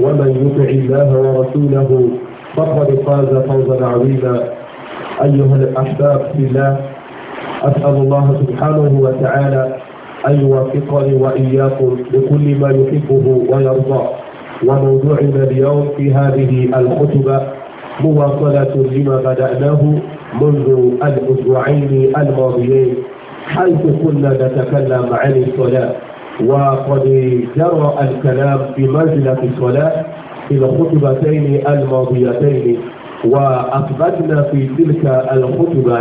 ومن يطع الله ورسوله فقد فاز فوزا عظيما أيها الأحباب في الله أسأل الله سبحانه وتعالى أن يوفقني وإياكم لكل ما يحبه ويرضاه وموضوعنا اليوم في هذه الخطبة مواصلة لما بدأناه منذ الأسبوعين الماضيين حيث كنا نتكلم عن الصلاة وقد جرى الكلام في منزلة الصلاة في الخطبتين الماضيتين وأثبتنا في تلك الخطبة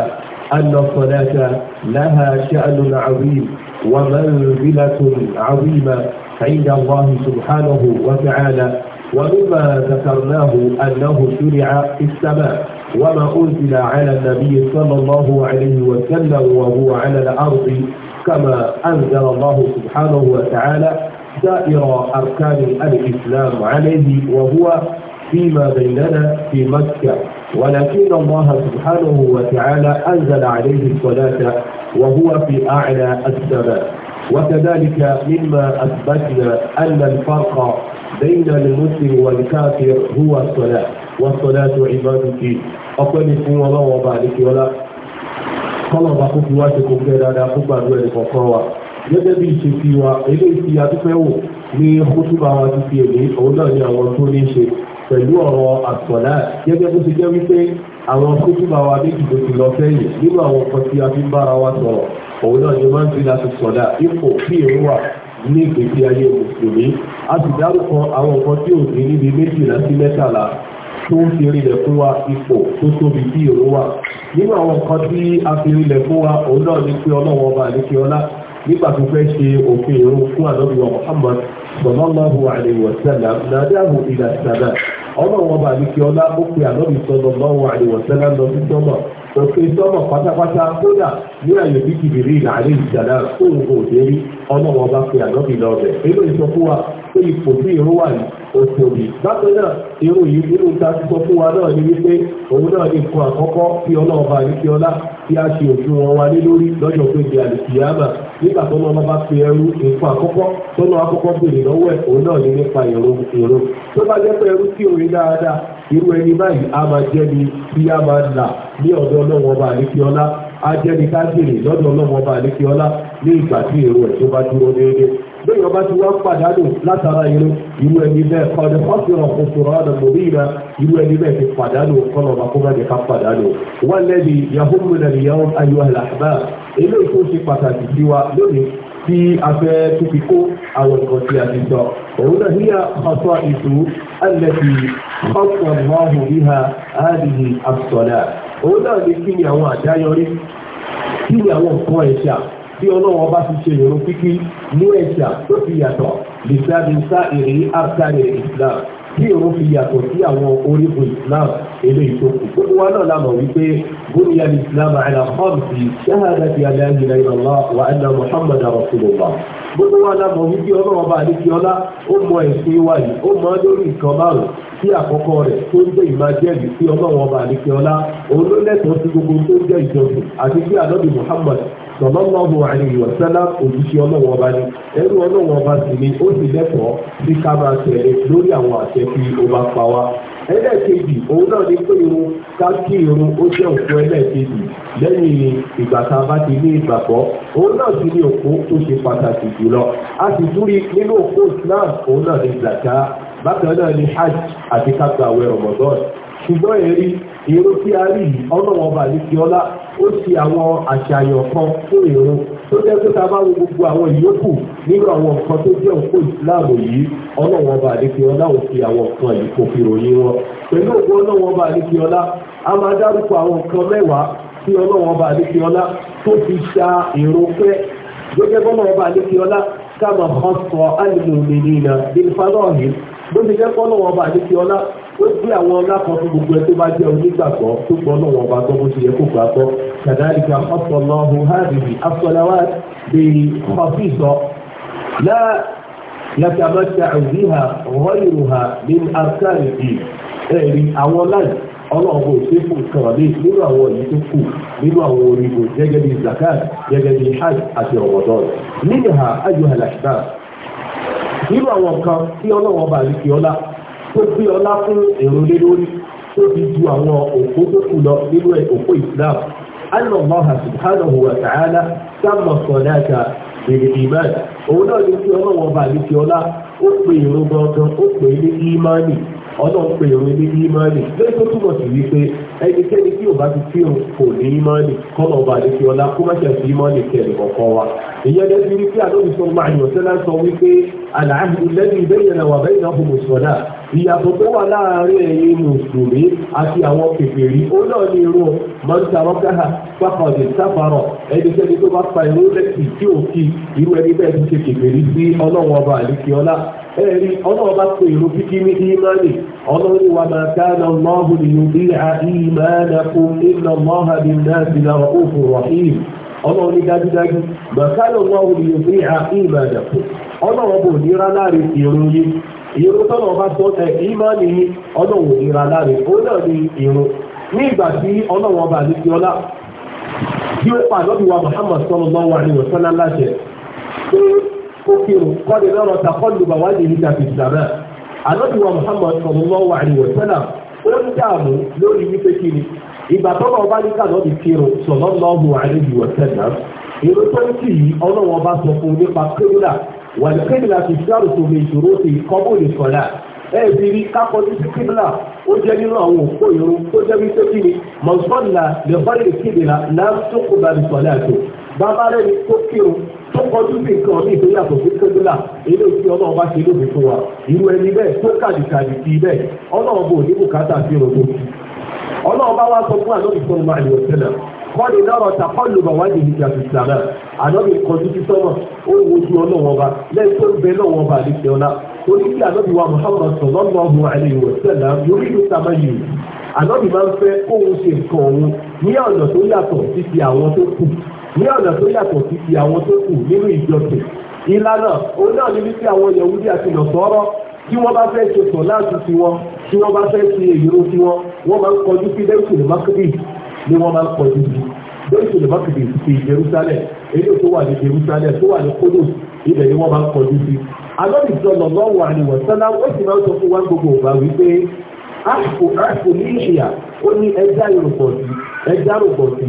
أن الصلاة لها شأن عظيم ومنزلة عظيمة عند الله سبحانه وتعالى ومما ذكرناه أنه شرع في السماء وما أنزل على النبي صلى الله عليه وسلم وهو على الأرض كما أنزل الله سبحانه وتعالى دائرة أركان الإسلام عليه وهو فيما بيننا في مكة ولكن الله سبحانه وتعالى أنزل عليه الصلاة وهو في أعلى السماء وكذلك مما أثبتنا أن الفرق بين المسلم والكافر هو الصلاة والصلاة عبادتي أقول لكم الله وبارك ولا kọ́lọ̀ bá kún fi wá ṣe kò fẹ́ dáadáa fún gbàdúrà ẹni kọ̀ọ̀kan wa gẹ́gẹ́ bí ìṣe fi wa eléyìí tí a tún fẹ́ wò ní kútùbà wa ti fi èmi òun náà ni àwọn tó ní ṣe pẹ̀lú ọ̀rọ̀ àsọ̀lá gẹ́gẹ́ bó ti jẹ́ wípé àwọn kútùbà wa méjì tó ti lọ sẹ́yìn nínú àwọn kan tí a fi ń bára wa sọ̀rọ̀ òun náà ni máa ń fi láti sọ̀dá ipò bí èrò wà ní ìgbésí ayé mùsùlùmí a sì dárúkọ àwọn nǹkan tí ò sí níbi méjìlá sí mẹ́tàlá tó ń fi rinlẹ̀ fún wa ipò tó tóbi bí òun wà nínú àwọn nǹkan tí a fi rinlẹ̀ fún wa òun náà ni pé ọlọ́wọ́ ọba àdékè ọlá nígbà tó fẹ́ ṣe òfin ìrun fún ànábì wa Muhammad sallallahu alayhi wa sallam nàdáhù ìlà sàdà ọlọ́wọ́ ọba àdékè ọlá ó pe ànábì sallallahu alayhi wa sallam lọ sí sọ́mọ̀ òfin pátápátá kódà ní àyè bí kìbìrì ìlà àlẹ́ ìjàdá kò dé ọlọ́wọ́ ọba pe ànábì lọ bẹ̀ pé ipò tí irun wà ní oṣù òbí bákan náà irun yìí nínú ta ti sọ fún wa náà ni wípé òun náà ní nǹkan àkọ́kọ́ tí ọlọ́run bá ní kí ọlá tí a ṣe òfin wọn wá lé lórí lọ́jọ́ pé di àlùkìyàmà nígbà tó náà bá fi ẹrú nǹkan àkọ́kọ́ tó náà àkọ́kọ́ béèrè lọ́wọ́ ẹ̀ òun náà ní nípa ìrun ìrun tó bá jẹ́ pé ẹrú tí òun dáadáa irú ẹni báyìí a máa jẹ́ ni tí a máa là ní ọ̀dọ̀ ọlọ́run ọba àlékiọlá a jẹ́ ni ká béèrè lọ́dọ̀ ọlọ́run ọba àlékiọlá ní ìgbà tí èrò ẹ̀ tó bá dúró déédéé téèyàn bá ti wá pàdánù látara irun irú ẹni bẹ́ẹ̀ kọ́ni fọ́sùrọ̀ kòsùrọ̀ ọ̀nà lórí iná irú ẹni bẹ́ẹ̀ ti pàdánù kọ́nà ọba kó má ní ká pàdánù. wọ́n lẹ́bi yahumu nàìyàwó ayọ̀ àlàmà eléyìí tó ṣe pàtàkì sí wa lónìí tí a fẹ́ tó fi kó àwọn nǹkan tí a ti sọ. òun náà níyà ọ̀sọ́ ìtú alẹ́bi ọ̀sọ̀ mọ́hùn bí ọlọ́run ọba ti ṣe ìrún kíkí mú ẹ̀ṣà tó fi yàtọ̀ lè sáré sá èrè àbúkárẹ̀ Islam bí òun fi yàtọ̀ sí àwọn orígun Islam eléyìí tó kù gbogbo wa náà lámọ̀ wípé bóyá Islam àìlà khamsi shahadati an la ilaha illallah wa anna Muhammadan rasulullah gbogbo wa lámọ̀ wípé ọlọ́run ọba àdékíọ́lá ó mọ ẹ̀sìn wa yìí ó mọ lórí nǹkan márùn sí àkọ́kọ́ rẹ̀ tó ń jẹ́ ìmájẹ́rì sí ọlọ́run ọba àdékíọ́lá òun ló lẹ́tọ̀ọ́ sí gbogbo tó ń jẹ́ ìjọsìn àti bí àdọ́bì Muhammad sọlọ́lọ́mù àríyọ̀ sẹ́lá òjíṣẹ́ ọlọ́wọ́ ọba ni ẹrú ọlọ́wọ́ ọba sì ni ó sì lẹ́kọ̀ọ́ sí ká máa tẹ̀lé lórí àwọn àṣẹ tí ó bá pa wá ẹlẹ́ẹ̀kejì òun náà ni pé irun ká kí irun ó jẹ́ òkú ẹlẹ́ẹ̀kejì lẹ́yìn ìgbà tá a bá ti ní ìgbàgbọ́ òun náà sì ní òkú tó ṣe pàtàkì jùlọ a sì tún rí nínú òkú Islam òun náà ni gbàgbá bákan náà ni hajj àti kápẹ́ àwẹ̀ Ramadan ṣùgbọ́n èrí irun tí a rí yìí ọlọ́wọ́ ọba àlejò ọlá ó ti àwọn àṣàyàn kan fún ìrun tó jẹ́ pé ta bá wo gbogbo àwọn ìyókù nínú àwọn nǹkan tó jẹ́ òkú ìsìláàmù yìí ọlọ́wọ́n bá àdékè ọlá ò fi àwọn nǹkan yìí kò fi ròyìn wọn pẹ̀lú òkú ọlọ́wọ́n bá àdékè ọlá a máa dárúkọ àwọn nǹkan mẹ́wàá tí ọlọ́wọ́n bá àdékè ọlá tó fi ṣa ìrun pẹ́ gẹ́gẹ́ bọ́lọ́wọ́n bá àdékè ọlá ká máa hàn sọ alìmọ̀ òmìnira bí ó gbé àwọn ọlákan fún gbogbo ẹ tó bá jẹ́ onígbàgbọ́ tó gbọ́ náà wọn bá gbọ́ bó ti yẹ kó gbà gbọ́ kàdáríkà ọ̀sọ̀lọ́hu hàbìbì kọfí sọ ní ẹ̀rí àwọn nǹkan nínú àwọn tó kù nínú àwọn orígun gẹ́gẹ́ bíi zakat gẹ́gẹ́ bíi hajj àti nínú ha ayọ̀hàlàṣìdá nínú àwọn kan tí ọlọ́wọ́ bá rí ọlá tó gbé ọlá fún èrò lé lórí tó fi ju àwọn òpó tó kù lọ nínú òpó islam anna allah subhanahu wa ta'ala sábà sọ̀dáka bèrè ìmáà òun náà ní kí ọlọ́wọ́ bá ní kí ọlá ó pè ìrun gangan ó pè ní ìmáànì ọlọ́run pé ìrun ní ìmánì lórí tó túbọ̀ sí wípé ẹnikẹ́ni tí ò bá ti kírun kò ní ìmánì kọ́nà ọba àdéhùn ọlá kó má ṣàfi ìmánì kẹrin kọ̀ọ̀kan wa. ìyẹn lè fi rí pé sọ máa yàn sẹ́lá sọ wípé àlàáhùn lẹ́nu ìbẹ́yẹn náà wà bẹ́yìn náà ìyàtọ̀ tó wà láàárín ẹ̀yin mùsùlùmí àti àwọn kèfèrí ó náà ní irú mọ́ńtà rọ́kàhà pápáọ̀dé sáfàrọ̀ ẹnikẹ́ni tó bá pa irú lẹ́sìn tí ò kí irú ẹni bẹ́ẹ̀ ti ṣe kèfèrí sí ọlọ́wọ́ ọba àlìkíọ́lá ẹ̀rí ọlọ́wọ́ bá pe irú kíkí ní ìmánì ọlọ́run wa máa ká lọ lọ́hùn nínú bí i ìmánakum iná mọ́hà náà ti lọ òfin rọ̀hìn ọlọ́run ní dájúdájú màkà lọ́hùn nínú bí i ìmánakum ọlọ́run bò ní rárá ìròyìn ìrun tọ́nà ọba tó ẹ ìmánì ọlọ́run ìra láre ó náà ní ìrun ní ìgbà tí ọlọ́run ọba àti ọlá tí ó pa àdọ́bí wa Muhammad sallallahu alaihi wasallam láṣẹ pé ó kírun kọ́ni lọ́rọ̀ taqalluba wajhihi fis samaa àdọ́bí wa Muhammad sallallahu alaihi wasallam ó ń dààmú lórí wípé kí ni ìgbà tọ́nà ọba ní kàdọ́bí kírun sallallahu alaihi wasallam ìrun tó ń kì í ọlọ́run ọba sọ fún wàlùkébìlà fi ṣáàrù tó lè ṣòro ti kọ́bù lè sọ̀lá ẹ̀ẹ́dì rí kákọ́jú sí kíbìlà ó jẹ́ nínú àwọn òpó ìrun tó jẹ́ wípé kí ni mọ̀sánlá lè fọ́lẹ̀ kíbìlà náà tó kó bá lè sọ̀lá tó bàbá rẹ̀ ni tó kírun tó kọjú sí nǹkan ní ìpínlẹ̀ àtọ̀ sí kíbìlà ilé tí ọlọ́run bá ṣe lóbi fún wa irú ẹni bẹ́ẹ̀ tó kàdìkàdì ti bẹ́ẹ̀ ọlọ́run bò ní bùkátà sí ọdún ọlọ́run bá wá sọ fún àlọ́ ìfọ̀nmọ́ àlè kọ́ni náà tàkọ́lù bàwá ní ìjà fìtà náà ànábì kọjú sí sọ́mọ̀ ó wo ju ọlọ́wọ́n ba lẹ́yìn tó ń bẹ lọ́wọ́n ba àdìsí ọ̀la orí kí ànábì wa Muhammad sallallahu alaihi wa sallam yorí ló sábà yìí ànábì máa ń fẹ́ kóhun ṣe nǹkan òun ní ọ̀nà tó yàtọ̀ sí ti àwọn tó kù ní ọ̀nà tó yàtọ̀ sí ti àwọn tó kù nínú ìjọsìn ìlànà òun náà ní wípé àwọn Yahudi àti nọ̀sọ́rọ́ tí wọ́n bá fẹ́ ṣe sọ̀ láti tiwọn tí wọ́n bá fẹ́ ṣe èrò tiwọn wọ́n máa ń kọjú sí lẹ́kùn mákìrì ni wọ́n máa ń kọjú sí lóṣù lè má kìdì sí Jerusalem èyí tó wà ní Jerusalem tó wà ní kódò ibẹ̀ ni wọ́n máa ń kọjú sí alọ́bì sọ̀lọ̀ lọ́wọ́ àríwọ̀ sọ́lá ó sì máa ń sọ fún wa gbogbo ọ̀gá wípé àpò àpò ní ìṣìyà ó ní ẹja ìrùpọ̀ sí ẹja ìrùpọ̀ sí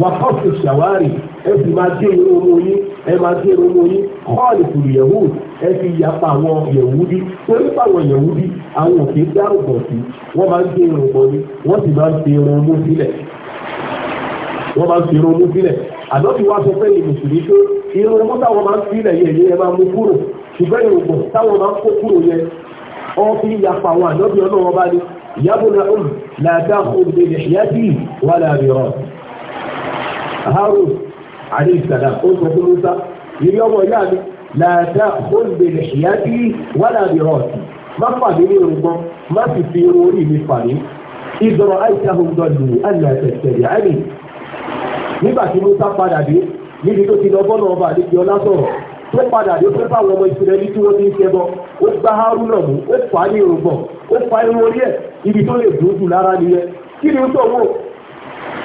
wà pọ́ọ̀sì ṣàwárì ẹ sì máa gé irun ọmọ yín ẹ máa gé irun ọmọ yín kọ́ọ̀lì kùrù yẹ̀wù ẹ fi yapa àwọn yẹ̀wùdí torí pàwọn yẹ̀wùdí àwọn òkè dárò pọ̀ sí wọ́n máa ń gé irun ọmọ yín wọ́n sì máa ń fi irun ọmọ sílẹ̀ wọ́n máa ń fi irun mú sílẹ̀ àdọ́bí wá sọ fẹ́yìn mùsùlùmí tó irun ọmọ táwọn máa ń sílẹ̀ yẹn yẹn máa mú kúrò ṣùgbọ́n ìrògbọ̀n táwọn máa ń kó kúrò yẹn wọ́n fi yapa àwọn àdọ́bí ọlọ́wọ́ bá ní yabuna um laada kunde lixyati wala miro harun alayhi salam ó sọ fún musa ìrí ọmọ ìyá mi laada kunde lixyati wala miro má fàmí ní irùngbọ̀n má sì fi nígbà tí Musa padà dé níbi tó ti ọba àdéjì ọlá sọ̀rọ̀ tó padà dé pé báwọn ọmọ ìsirẹ́lì tí wọ́n ti ń ṣẹbọ ó gbá náà mú ó fà á ní irùngbọ̀n ó fa irun orí ẹ̀ ibi tó lè dùn jù lára nìyẹn kí ni ó tọ̀ wò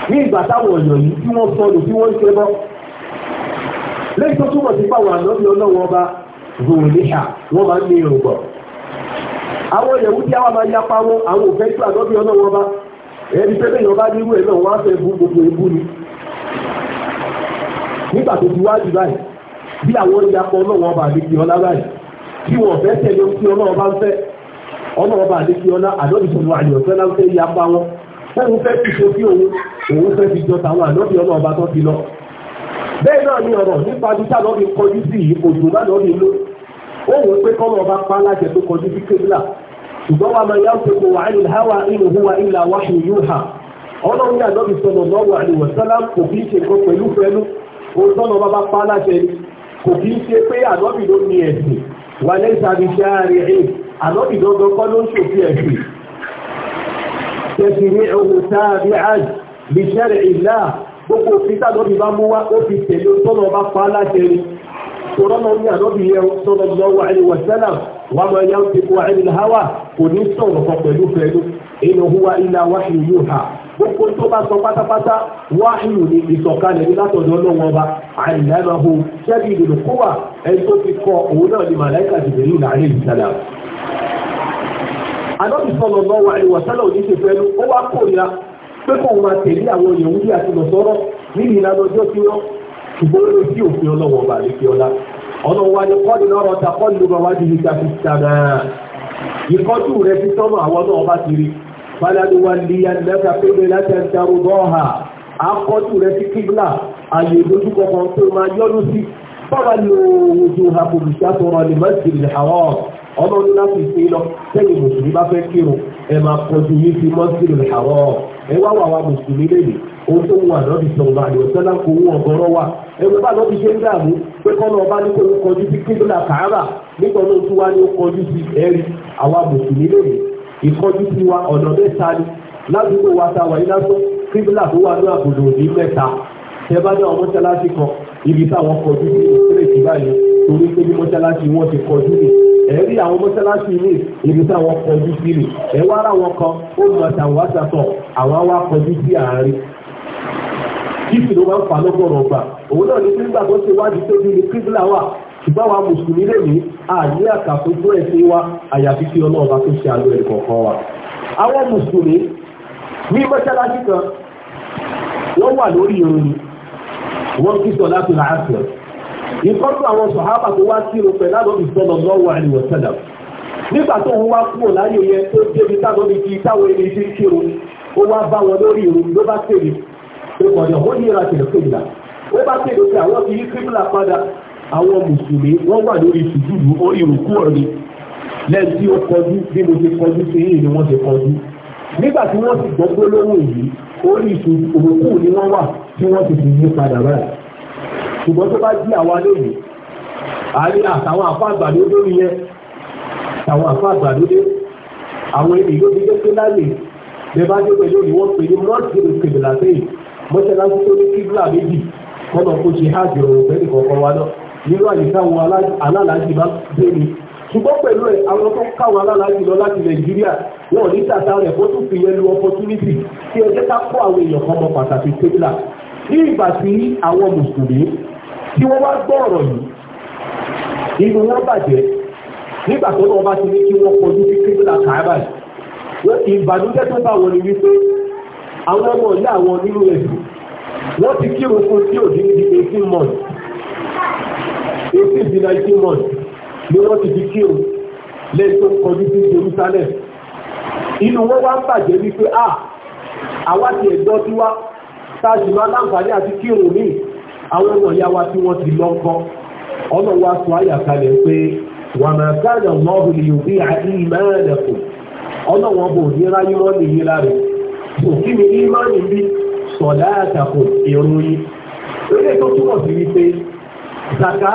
ní ìgbà táwọn èèyàn yìí tí wọ́n sọnù tí wọ́n ń ṣẹbọ lẹ́yìn tó túmọ̀ sí fáwọn ànábì ọlọ́wọ́ ọba wọn àwọn òfẹ́ tí nígbà tó ti wájú báyìí bí àwọn ìyapọ̀ ọlọ́wọ́ ọba àdékì ọlá báyìí bí wọ́n fẹ́ tẹ̀lé ohun tí ọlọ́wọ́ bá ń fẹ́ ọlọ́wọ́ ọba àdékì ọlá àdọ́bìsọ̀rọ̀ àyọ̀fẹ́ wọn fóun fẹ́ fi ṣe òun òun fẹ́ fi ọlọ́ọba tó ti lọ. bẹ́ẹ̀ náà ni ọ̀rọ̀ nípa bí sábọ́bì kọjú sí òjò bá lọ́ọ́ nílò ó wò pé kọ́lọ́ ọba pa alájẹ tó kọjú sí kébìlà ṣùgbọ́n wa máa yáwó pépé wà á ní hawa inú huwa ilà yóò hà ọlọ́run ní sọ̀rọ̀ lọ́wọ́ kò òun tọ́nà bàbá pa láṣẹ kò kí ń ṣe pé ànọ́bì ló ní ẹ̀sìn wà lẹ́sà ní ṣe ààrẹ ẹ̀ ànọ́bì dandan kọ́ ló ń ṣòfin ẹ̀sìn tẹ̀sìrí ohun sáàbí àj lè ṣẹ́rẹ̀ ìlà gbogbo òfin tànọ́bì bá mú wá ó fi tẹ̀lé tọ́nà bá pa láṣẹ ni tọ́nà ní ànọ́bì gbogbo tó bá sọ pátápátá wáhìlù ní ìsọ̀kalẹ̀ ní látọ̀dọ̀ ọlọ́wọ́n ọba àìlẹ́mọ̀hó ṣẹ́bi ìdòdò kó wà ẹni tó ti kọ òun náà ni màláìkà jìbìrì láàrin ìsàlẹ̀ àdọ́bì sọ̀rọ̀ lọ́wọ́ àìwọ̀sálà òdíṣẹ́fẹ́nu ó wá kórìíra pé kò máa tẹ̀lé àwọn èèyàn bí àti lọ́sọ́rọ́ ní ìlànà ọjọ́ tí wọ́n ṣùgbọ́n ó lè sí òfin ọlọ́wọ́ ọba àlejò ọlá ọlọ́run wa ni kọ́ni lọ́rọ̀ ta kọ́ni ló bá wá di ìgbà fi sàmà ìkọ́jú rẹ ti sọ́nà àwọn náà bá ti rí فلنولينك قبلة ترضاها أقوت لك قبلة أن يدرك قنطر ما يرسي فولوا وجوهكم شطر المسجد الحرام ọlọ́run láti ṣe lọ sẹ́yìn mùsùlùmí bá fẹ́ kírun ẹ máa kọjú yín sí mọ́sílù haram ẹ wá wà wá mùsùlùmí lèlè ohun tó wù ànábì sọ̀rọ̀ àlè ọ̀sẹ́lá kò wù ọ̀gọ́rọ́ wa ẹ wọ́n bá lọ́bi ṣe ń dààmú sí kíbla kàárà nígbà ní ó ìkọjú sí wa ọ̀nà mẹ́ta ni ládùúgbò wa ta wà nílásọ kíbílà tó wà ní àbùdó ní mẹ́ta tẹ bá náà mọ́ṣáláṣí kan ibi táwọn kọjú sí ìkírèsì báyìí torí pé bí mọ́ṣáláṣí wọn ti kọjú ní ẹ̀rí àwọn mọ́ṣáláṣí ní ibi táwọn kọjú sí ni ẹ wá ara wọn kan ó mọ àtàwọn àtàtọ̀ àwọn wá kọjú sí àárín kí ló máa ń fa lọ́gbọ̀rọ̀ gbà òun náà ní kíbílà tó ṣe wádìí ṣùgbọ́n wa mùsùlùmí lè ní àní àkàfójú ẹ̀sìn wa àyàfi kí ọlọ́ọ̀bá tó ṣe àlọ́ ẹ̀kọ̀ọ̀kan wa àwọn mùsùlùmí ní mọ́ṣáláṣí kan wọ́n wà lórí irun ni wọ́n kí sọ láti ra àṣẹ ìkọ́tù àwọn sọ̀hábà tó wá kírun pẹ̀lú àdọ́bì sọ́lọ̀ lọ́wọ́ àríwọ̀ sẹ́lẹ̀ nígbà tó ń wá kúrò láyé yẹn tó débi táwọn ibi táwọn ilé ti ń kírun ó wá bá wọn lórí irun àwọn mùsùlùmí wọ́n wà lórí sùjúdù ó ìrùkú ọ̀rẹ́ lẹ́yìn tí ó kọjú bí mo ṣe kọjú sí yìí ni wọ́n ṣe kọjú nígbà tí wọ́n sì gbọ́ gbólóhùn yìí orí òrùkú ni wọ́n wà tí wọ́n sì fi yí padà báyìí ṣùgbọ́n tó bá jí àwa lónìí àárín àtàwọn àfa àgbàdo lórí yẹn àtàwọn àfa àgbàdo dé àwọn ènìyàn ló fi dé pé láyè bẹ́ẹ̀ bá dé pẹ̀lú ni wọ́n pè ní mọ́ọ̀tì kèbìlà sẹ́yìn mọ́ṣáláṣí tó ní kíbla méjì kọ́nà kó ṣe háàjì ọ̀rọ̀ bẹ́ẹ̀ nìkan kan wá náà nínú àyíká àwọn alálàájì bá dé ni ṣùgbọ́n pẹ̀lú ẹ̀ àwọn tó káwọn alálàájì lọ láti nàìjíríà wọn ò ní tàta rẹ̀ kó tún fi yẹn lu opportunity tí ẹ jẹ́ ká kó àwọn èèyàn kan mọ pàtàkì tẹ́lá ní ìgbà tí àwọn mùsùlùmí tí wọ́n wá gbọ́ ọ̀rọ̀ yìí inú wọn bàjẹ́ nígbà tó lọ́wọ́ bá ti ní kí wọ́n kọjú sí kíbílà kàábà ìbànújẹ́ tó bá wọn ni wípé àwọn ọmọ ìyá àwọn nínú ẹ̀sìn ní eighteen to nineteen months ni wọ́n ti fi kírò lẹ́yìn tó ń kọjú sí Jerusalem inú wọn wá ń bàjẹ́ wípé a àwa ti ẹ̀gbọ́ tí wá tá a sì máa láǹfààní àti kírò ní àwọn ọmọ ìyá wa tí wọ́n ti lọ kọ́ ọmọ wa sọ àyàkalẹ̀ pé wà máa káàdà lọ́ọ̀bù ni yóò bí àti ìmọ̀ràn ọ̀nà wọn bò ní ráyé wọn lè yé láre òkí ni ìmọ̀ràn bí sọ̀lá àtàkùn ìròyìn eré tó túmọ̀ sí wípé zaka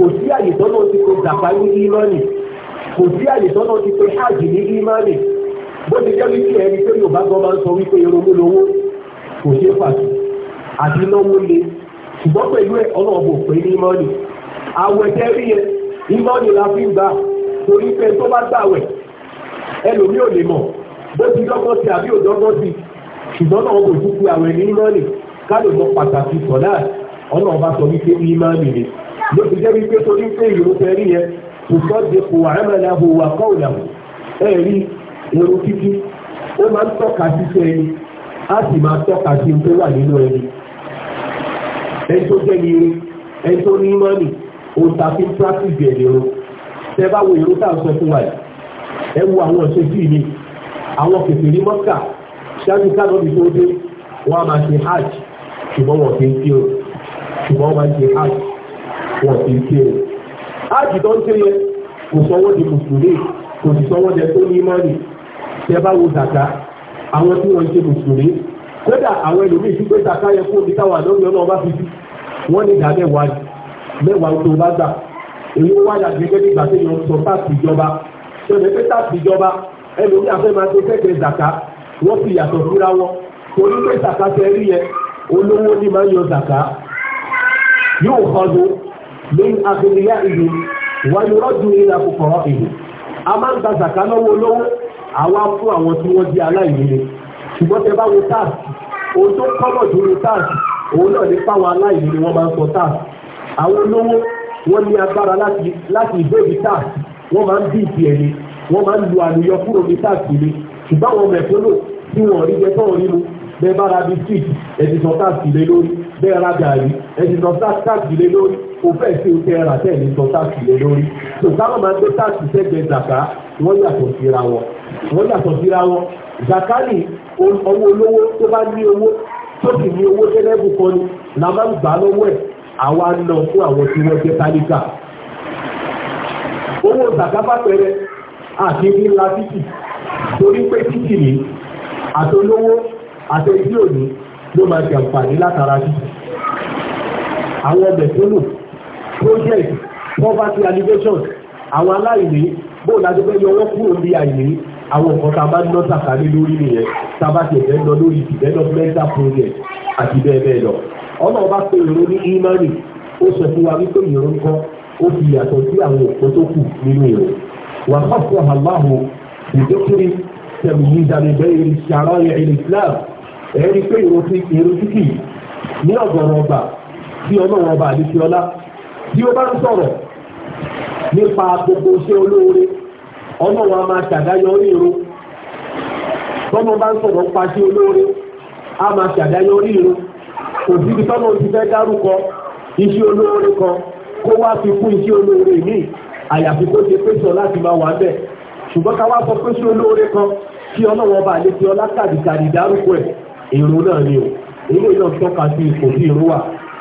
kò sí àyè tọ́nà ti pe zàpá ní ìmánì kò sí àyè tọ́nà ti pe hajj ní ìmánì bó ti jẹ́ wípé ẹni pé yorùbá gan máa ń sọ wípé irunmú lowó kò ṣeé pàṣẹ àti náwó le ṣùgbọ́n pẹ̀lú ẹ̀ ọlọ́ọ̀bù pé ní ìmánì àwẹ̀ tẹ́ rí yẹn ìmánì la fi ń gbà torí pé tó bá gbàwẹ̀ ẹlòmí ò lè mọ̀ bó ti dọ́gbọ́n sí àbí òdọ́gbọ́n sí ṣùgbọ́n náà kò tún pe àwẹ̀ ní ìmánì ká lè mọ pàtàkì sọ̀dá ọlọ́ọ̀bá sọ wípé ní ìmánì ni ló fi jẹ́ wípé torí pé ìrò fẹ́rí yẹn kò sọ́ de kò àmàlà hù wà kọ́ òlàwò ẹ̀ rí irun kíkí ó máa ń tọ́ka síṣẹ́ ẹni á sì máa tọ́ka sí tó wà nínú ẹni ẹni tó jẹ́ ní irin ẹni tó ní mọ́nì òun ta fi ń pírátìsì ẹ̀ nìrun tẹ bá wo ìrún tá fún wa yìí ẹ wo àwọn ìṣojú ìní àwọn kèfèrí mọ́kà ṣáájú káàdọ̀ bí tó dé wọ́n á máa ṣe hajj ṣùgbọ́n wọn kì í kí ṣùgbọ́n wọ́n máa ń ṣe hajj wọn kì í kírun ájì tó ń ṣe yẹ kò sọ́wọ́ di mùsùlùmí kò sì sọ́wọ́ jẹ tó ní mọ́nì tẹ bá wo zàká àwọn tí wọ́n ń ṣe mùsùlùmí kódà àwọn ẹlòmíì ti pé zàká yẹ kó omi táwọn àdóbi ọlọ́run bá fi sí wọ́n ní ìdá mẹ́wàá mẹ́wàá tó bá gbà èyí wá yà gẹ́gẹ́ bí ìgbà tó yàn sọ táàpì ìjọba ṣẹlẹ̀ pé táàpì ìjọba ẹlòmí afẹ́ máa tó fẹ́kẹ̀ zàká wọ́n fi yàtọ̀ fúnra wọn torí pé zàká tẹ rí yẹn olówó ní máa ń yọ zàká yóò kọ́ lóun min àfihàn ìlú wà ní rọ́jù ilẹ̀ àkùkọ̀rọ̀ ìlú a máa ń gba zàká lọ́wọ́ olówó àwa fún àwọn tí wọ́n di aláìní ni ṣùgbọ́n tẹ bá wo táàsì ohun tó kọ́mọ̀ jù ní táàsì òun náà ní fáwọn aláìní ni wọ́n máa ń sọ táàsì àwọn olówó wọ́n ní agbára láti ìgbébi táàsì wọ́n máa ń bí ìdí ẹni wọ́n máa ń lu àlùyọ kúrò ní táàsì ni ṣùgbọ́n àwọn mẹ̀kúnnù tí wọ́n rí jẹ tọ́ọ̀ nínú bẹ́ẹ̀ bára bí bẹ́ẹ̀ ra gàrí ẹ̀sìn sọ táàkì lé lórí kò fẹ́ sí oúnjẹ ẹ̀rà tẹ̀lé sọ táàkì lé lórí tó táwọn máa ń gbé táàkì sẹ́gbẹ̀ẹ́ zàká wọ́n yàtọ̀ síra wọn wọ́n yàtọ̀ síra wọn zàká ní owó olówó tó bá ní owó tó sì ní owó tẹ́lẹ́bù kan ni la máa ń gbà lọ́wọ́ ẹ̀ àwa ná fún àwọn tí wọ́n jẹ́ tálíkà owó zàká bá pẹ̀rẹ̀ àti ńlá títì torí pé títì ní àtolówó àtẹ̀jú òní ló máa jàǹfààní látara títì àwọn mẹ̀kúnnù project poverty alleviation àwọn aláìní bó lájọ́ fẹ́ yọ wọ́n kúrò bí àìní àwọn nǹkan tá a bá ń ná sàkálé lórí nìyẹn tá a bá ti ẹ̀fẹ́ lọ lórí developmental project àti bẹ́ẹ̀ bẹ́ẹ̀ lọ ọ̀nà ọba pé ìrún ní imani ó sọ fún wa wípé ìrún kan ó fi yàtọ̀ sí àwọn òpó tó kù nínú ìrún wà á fọ́ àláhùn ìdókòrí tẹ̀mí ìdánilẹ́ ìrìn ṣàrọ̀ ìrìn Islam ẹ̀rí pé ìrún kíkì ní ọ̀gọ̀rọ̀ ọgbà bí ọlọ́run ọba àdìsí ọlá bí ó bá ń sọ̀rọ̀ nípa gbogbo iṣẹ́ olóore ọlọ́run a máa ṣàdáyọ ríro tọ́mọ bá ń sọ̀rọ̀ paṣẹ olóore a máa ṣàdáyọ ríro kò síbi tọ́mọ ti fẹ́ dárúkọ iṣẹ́ olóore kan kó wá fi kún iṣẹ́ olóore míì àyàfi kó ṣe pèsè ọ láti máa wà bẹ́ẹ̀ ṣùgbọ́n ká wá sọ pèsè olóore kan kí ọlọ́run ọba àdìsí ọlá kàdìkàdì dárúkọ ẹ̀ èrò náà ni o èyí náà tọ́ka sí ipò bí irú wà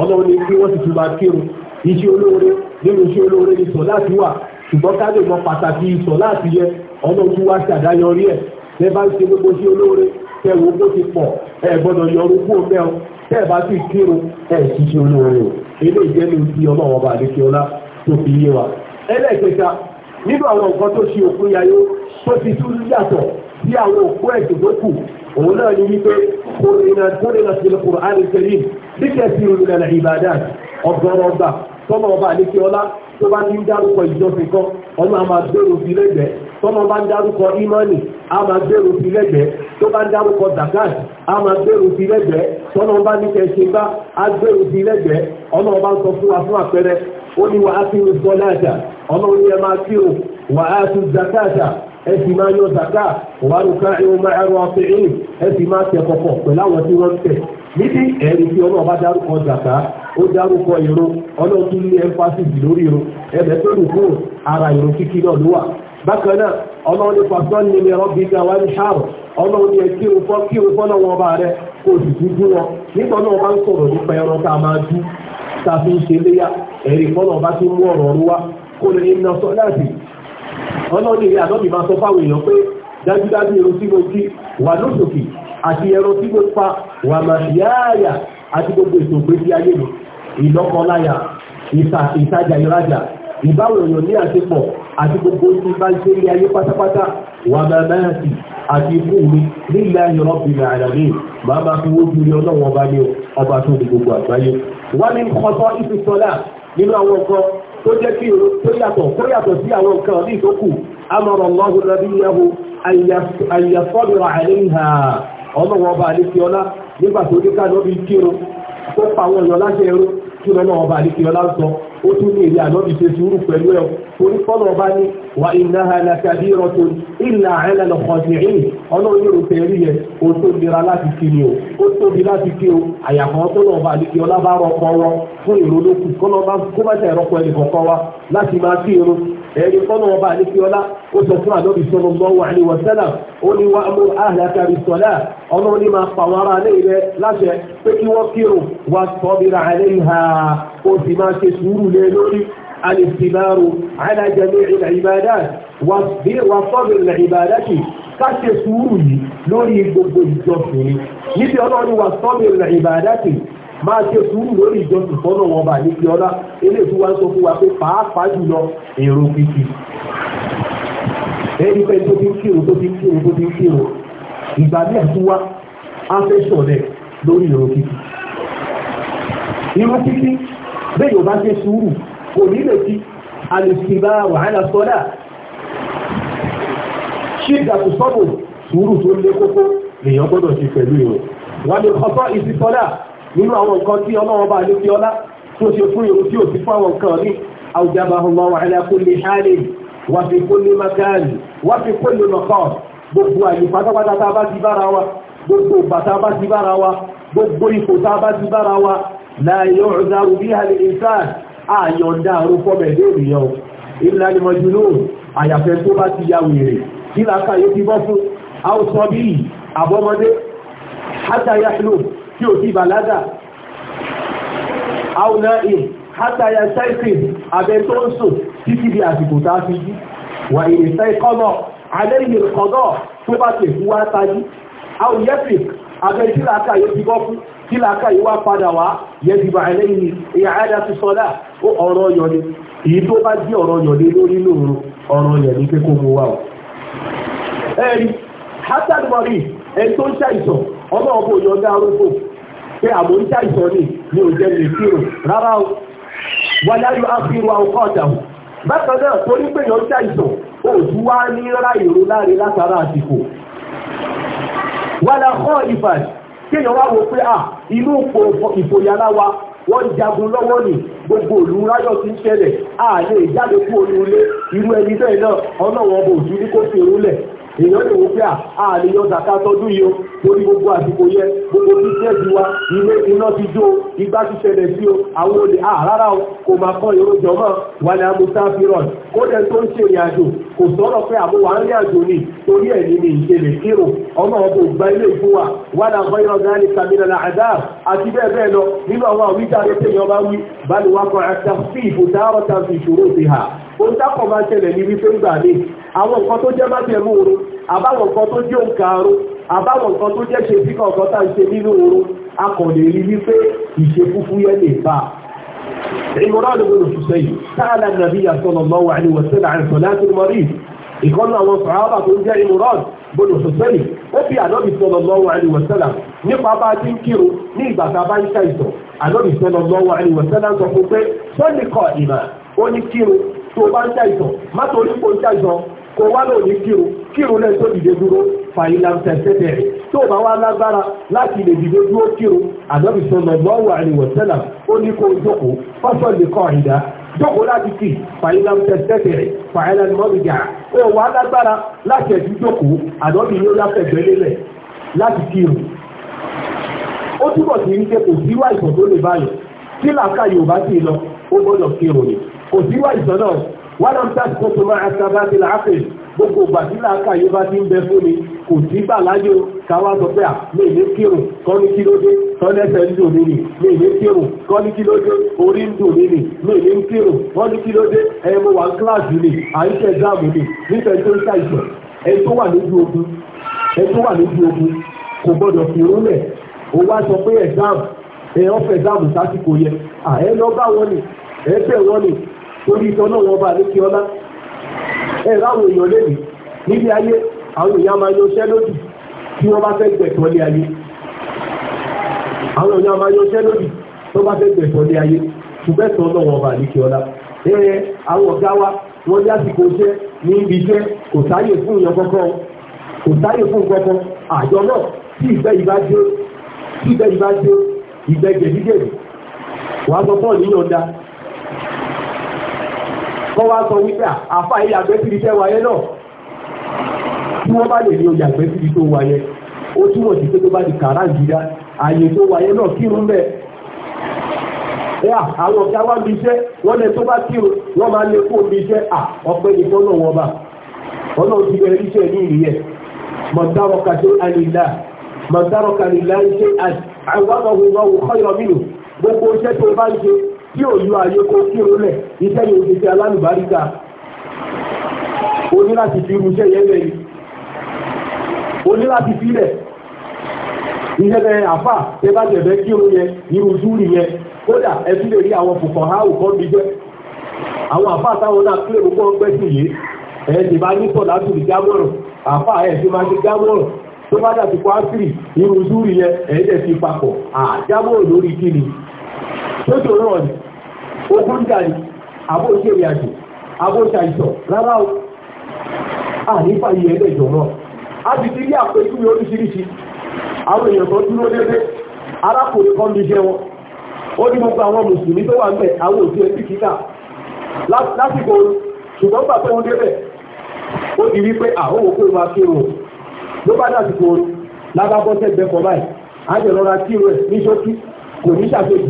ọlọ́run ní kí wọ́n sì tún bá kírun iṣẹ́ olóore nínú iṣẹ́ olóore ní sọ̀láàtì wà ṣùgbọ́n ká lè mọ pàtàkì sọ̀láàtì yẹ ọlọ́run tún wá ṣàdáyọrí ẹ̀ tẹ́ bá ń ṣe gbogbo iṣẹ́ olóore tẹ́ wo bó ti pọ̀ ẹ gbọ́dọ̀ yọrù kú ọ̀fẹ́ o tẹ́ ẹ bá sì kírun ẹ ṣiṣẹ́ olóore o eléyìí jẹ́ ní ti ọlọ́run ọba àdékíọlá tó fi yé wa ẹlẹ́ẹ̀kẹta nínú àwọn nǹkan tó ṣe òkú yayó tó ti tún yàtọ̀ sí àwọn òkú ẹ̀sìn tó kù òun náà ni wípé kórìnà kórìnà sílẹ̀ kùrọ̀ níkẹ̀sí olùlànà ìbàdàn ọ̀gọ́rọ̀ ọgbà tọ́mọ ọba àdékè ọlá tó bá ti ń dárúkọ ìjọsìn kan ọlọ́ a máa gbèrò sí lẹ́gbẹ̀ẹ́ tọ́mọ bá ń dárúkọ ìmánì a máa gbèrò sí lẹ́gbẹ̀ẹ́ tó bá ń dárúkọ zakat a máa gbèrò sí lẹ́gbẹ̀ẹ́ tọ́mọ bá ní kẹ́ ṣe bá a gbèrò sí lẹ́gbẹ̀ẹ́ ọlọ́ bá ń sọ fún wa fún àpẹẹrẹ ó ní wàá fi ń sọ láàjà ọlọ́run yẹn máa kí o wàá fi zakata ẹ sì máa yọ zakat wàá rúkà ìwọ̀n máa ẹrọ ọ̀sẹ̀ níbi ẹ̀rí tí ọlọ́run bá dárúkọ zàká ó dárúkọ irun ọlọ́run tún ní emphasis lórí irun ẹ̀bẹ̀ tó rù fún ara irun kíkí náà ló wà bákan náà ọlọ́run ní pàṣán ní ẹ̀rọ gíga wá ní ṣáàrọ̀ ọlọ́run ní ẹ̀kí kí òfọ́ náà wọn bá rẹ kó sì wọn nígbà náà ń sọ̀rọ̀ nípa ẹran tá a máa dú tá a fi ń ṣe léyà àti ẹran tí mo pa wà màṣíyáàyà àti gbogbo ètò ìgbésí ayé mi ìlọ́kọláyà ìtajà ìrajà ìbáwò èèyàn ní àṣepọ̀ àti gbogbo tí bá ń ṣe ilé ayé pátápátá wà màmáàtì àti ikú mi nílẹ̀ ayọ̀rọ̀ bìnrin àdàmì máa fi wójú rí ọlọ́wọ́n ọba ní ọba tó di gbogbo àgbáyé wọ́n ní kọ́tọ́ ìfisọ́lá nínú àwọn nǹkan tó jẹ́ kí yàtọ̀ tó yàtọ̀ sí àwọn nǹkan ní ìtókù amọ̀rọ̀ lọ́hùn nàbíyàwó àyàfọ́dúnrà àlẹ́ ìhà ọlọ́wọ́ ọba àdékíọlá nígbà tó díkà lọ́bí kírun ó pa èèyàn láṣẹ ẹrú kí ọlọ́wọ́ ọba àdékíọlá sọ ó tún ní èdè ànábì ṣe sùúrù pẹ̀lú ẹ̀ orí ọba ní wà innaha lakabiratun illa ala al-khashi'in ọlọ́run yóò fẹ́ rí yẹn ó láti kí ni o ó tóbi láti o àyàfọ́ ọba bá rọpọ̀ wọn fún ìrònú kù ọba kó má ṣe ẹni kọ́nà ọba àníkíọ́lá ó sọ fún àdóbi sọ gbogbo wà ní wọ̀sẹ́là ó ní wá mú àhàkà rí sọ́lá ọmọ ní máa pa wọn ara lẹ́yìn rẹ láṣẹ pé kí wọ́n kírun wá sọ́bìrà àlẹ́yìn ha ó sì máa ṣe sùúrù lé lórí alìsìbáru alájẹmí ìlà ìbádà wà sọ́bìrì ìlà ìbádà kì ká ṣe sùúrù yìí lórí gbogbo ìjọsìn máa ṣe sùúrù lórí ìjọsìn fọ́nà wọn bà ní kí ọlá eléyìí tó wá ń sọ fún wa pé pàápàá jùlọ èrò kìkì ẹni pé tó ti ń kírun tó ti ń kírun tó ti ń kírun ìgbà ní àtúwá afẹ́sọ̀ rẹ̀ lórí èrò kìkì irú kíkí bẹ́ẹ̀ yóò bá ṣe sùúrù kò ní lè ti alùsìbá wàhálà sọ́dà ṣí ìdàkù sọ́bù sùúrù tó lé kókó lèèyàn gbọ́dọ̀ ṣe pẹ̀lú ìwọ̀n wà ní ọ̀pọ̀ ìsìsọ́dà nínú àwọn nǹkan tí ọlọ́wọ́ bá lé fi ọlá tó ṣe fún ìrù tí ò sí fún àwọn nǹkan ní àwùjábà ọmọ ala kulli hali wa fi kulli makani wa fi kulli maqam gbogbo àyè pátápátá tá a bá ti bára wa gbogbo bàtá bá ti bára wa gbogbo ipò tá a bá ti bára wa la yu'zaru biha al-insan àyọ̀ǹda àrùkọ mẹ̀lẹ́ ènìyàn ìlà ni tí ò sí ìbàlágà àwọn ẹ̀ hátayà cycling abẹ tó ń sùn títí di àsìkò tá a fi jí wà ìrìnsẹ́ ìkọ́nà alẹ́ ìrìnkọ́nà tó bá tẹ̀ fún wa tají àwọn yẹ́pìk abẹ tí làákà yóò ti bọ́ fún tí làákà yóò wá padà wá yẹ ti bà ẹlẹ́yìn ìyá àdá ti sọ́dá ó ọ̀rọ̀ yọ̀lé èyí tó bá jí ọ̀rọ̀ yọ̀lé lórí lóòrùn ọ̀rọ̀ yọ̀lé pé kó o. ẹ̀rí hátàdùmọ̀rì pé àmọ́ ń ṣàìsàn ni mi ò jẹ́ lè kírò rárá o wáyá yóò á fi ru àwọn kọ́ọ̀dà o bákan náà torí pé yàn ń ṣàìsàn ó tún wá ní rárá ìró láre látara àsìkò wàlá kọ́ ìbàdí kéèyàn wá wo pé à inú ìfòyàlá wa wọ́n jagun lọ́wọ́ ní gbogbo òlú ráyọ̀ tí ń ṣẹlẹ̀ ààlè ìjáde kú orí ilé irú ẹni bẹ́ẹ̀ náà ọlọ́wọ́ ọmọ òjú ní kó fi orúlẹ̀ èèyàn lè wò pé à ah, lè yọ zaka tọdún yìí o torí gbogbo àsìkò yẹ gbogbo bísíẹ̀sì wa ilé iná ti jó igbá ti ṣẹlẹ̀ sí o àwọn olè à ah, rárá o kò máa kọ́ ìró jọmọ́ wà ní amúta fírọ̀n kódẹ tó ń ṣe ìrìn àjò kò sọ̀rọ̀ pé àmúwà ń rí àjò ni torí ẹ̀ ní ní ìṣẹ̀lẹ̀ kírò ọmọ ọkọ̀ ògbà ilé ìfún wa wà ní àgbọ̀ ìrọ̀ gáàlì kàmínà ní àdá àti bẹ́ẹ̀ bẹ́ẹ̀ lọ nínú àwọn àwíjàre tẹ̀yàn bá wí ohun tápọ̀ máa ṣẹlẹ̀ ní wípé ń gbà ní àwọn nǹkan tó jẹ́ májẹ̀mú oorun àbáwọn nǹkan tó jẹ́ òǹkà oorun àbáwọn nǹkan tó jẹ́ ṣe sí kọ̀ọ̀kan tá à ń ṣe nínú oorun a kàn lè rí wípé ìṣekúfú yẹn lè bá a. Imran ibn Husayn sa'ala an-nabiy sallallahu alaihi wa sallam 'an salati al-marid ìkọ́nà àwọn sàábà tó ń jẹ́ Imran ibn Husayn ó fi ànábì sallallahu alaihi wa nípa bá a ti ń kírun ní ìgbà tá a bá ń ṣàìsàn ànábì sallallahu alaihi wa sallam sọ fún pé sọ́ọ̀nì kọ́ ìmọ̀ ó ní kírun tó bá ń ṣàìsàn má torí kó ń ṣàìsàn kó wá lò ní kírun kírun náà tó dìde dúró fàyè làǹtẹ̀ tẹ́tẹ̀ rẹ̀ tó bá wá lágbára láti lè dìde dúró kírun àdọ́bì sọ̀nà lọ́wọ́ àríwọ̀ sẹ́là ó ní kó jókòó fọ́sọ̀ lè kọ́ ìdá jókòó láti kì fàyè làǹtẹ̀ tẹ́tẹ̀ rẹ̀ fàyè làǹmọ́bìjà ó wá lágbára láti ẹ̀dú jókòó àdọ́bì yóò láfẹ̀gbẹ́ lélẹ̀ láti kírun ó túbọ̀ sí ní pé kò sí wá ìsọ̀ tó lè báyọ̀ kí làákà Yorùbá sì lọ ó gbọ́dọ̀ kírun ni kò síwá ìtàn náà wọ́n náà tàbí kó tó máa sábà ti láàpẹ̀ gbogbo gbàtílà káyé bá ti ń bẹ fún mi kò sí gbàláyò káwá sọ pé à mí ní kírun kọ́ ní kí ló dé kọ́ lẹ́sẹ̀ ń dùn mí nì mí ní kírun kọ́ ní kí ló dé orí ń dùn mí nì mí ní kírun kọ́ ní kí ló dé ẹ mo wà ń kíláàsì nì àyíṣẹ́ ẹ̀dáàmù nì nífẹ̀ẹ́ tó ń ṣàìsàn ẹ tó wà lójú ogun ẹ tó wà lójú ogun kò gbọdọ̀ fi rúnlẹ̀ ó wá sọ pé ẹ̀dáàmù ẹ̀ ọ́fẹ̀ẹ́dáàmù sásìkò yẹ à ẹ lọ bá wọn nì ẹ bẹ̀ wọn nì torí ìtọ́nà wọn bá lókè ọlá ẹ láwọn èèyàn lèmi níbi ayé àwọn èèyàn máa yọṣẹ́ lódì tí wọ́n bá fẹ́ gbẹ̀tọ́ lé ayé àwọn èèyàn máa yọṣẹ́ lódì tó bá fẹ́ gbẹ̀tọ́ lé ayé ṣùgbẹ́ tọ́nà wọn bá lókè ọlá ẹ àwọn ọ̀gá wa wọ́n ní àsìkò iṣẹ́ ní ibi iṣẹ́ kò sáyè fún ìyàn kọ́kọ́ kò sáyè fún kọ́kọ́ àjọ náà tí ìgbẹ́ ìbá dé tí ìgbẹ́ ìbá dé ìgbẹ́ gẹ̀dígẹ̀dì wàá gbọ́ bọ́ọ̀lù yíyan dáa wọ́n wá sọ wípé ah, àfa ilé àgbẹ̀ síbi tẹ́ wáyé náà tí wọ́n bá lè ní oyè àgbẹ̀ síbi tó wáyé ó túmọ̀ sí pé tó bá di kàràǹgídá ààyè tó wáyé náà kírun bẹ́ẹ̀ yà àwọn ọ̀gá wá bí iṣẹ́ wọ́n lẹ tó bá kírun wọ́n máa lè kó bí iṣẹ́ à ọ̀pẹ́ nìkan náà wọ́n bá ọlọ́run ti bẹ̀rẹ̀ iṣẹ́ ní ìrìyẹ mọ̀dárọ̀kà tó àlìlá mọ̀dárọ̀kà lìlá iṣẹ́ àwọn ọmọ òun náà wò kọ́ tí ò yọ ayé kó kí o lẹ̀ iṣẹ́ yóò fi ṣe alálùbáríkà o ní láti fi irú iṣẹ́ yẹn lẹ́yìn o ní láti fi lẹ̀ iṣẹ́ bẹ àfà tẹ bá tẹ̀fẹ́ kí o yẹ irú zúrì yẹn kódà ẹ tún lè rí àwọn fòkàn ha ò kọ́ mi jẹ́ àwọn àfà táwọn náà kílè gbogbo ọgbẹ́ sì yìí ẹ̀ ẹ̀ sì máa ní sọ̀ látùrì jámọ̀rọ̀ àfà ẹ̀ sì máa ní jámọ̀rọ̀ tó bá dà ti kọ́ ásírì irú zúrì yẹn ẹ̀ ẹ̀ sì papọ̀ àjámọ̀rọ̀ lórí kíni tó ṣòro ọ̀nì òkú ń darí àbó ṣe ìrìn àjò àbó ṣàìsàn rárá o ànífà yìí ẹlẹ́jọ náà a ti ti rí àpèjúwe oríṣiríṣi àwọn èèyàn tó dúró dédé arákùnrin kan ní iṣẹ́ wọn ó ní gbogbo àwọn mùsùlùmí tó wà ń bẹ̀ àwọn òsì ẹbí kíkà lásìkò ṣùgbọ́n gbà pé wọ́n débẹ̀ ó di wípé àwọn òkú máa kí wọn ló bá dàsìkò lábábọ́sẹ̀ gbẹ̀kọ̀ báyìí á jẹ̀ lọ́ra kí rẹ̀ ní ṣókí kò ní ṣàṣejù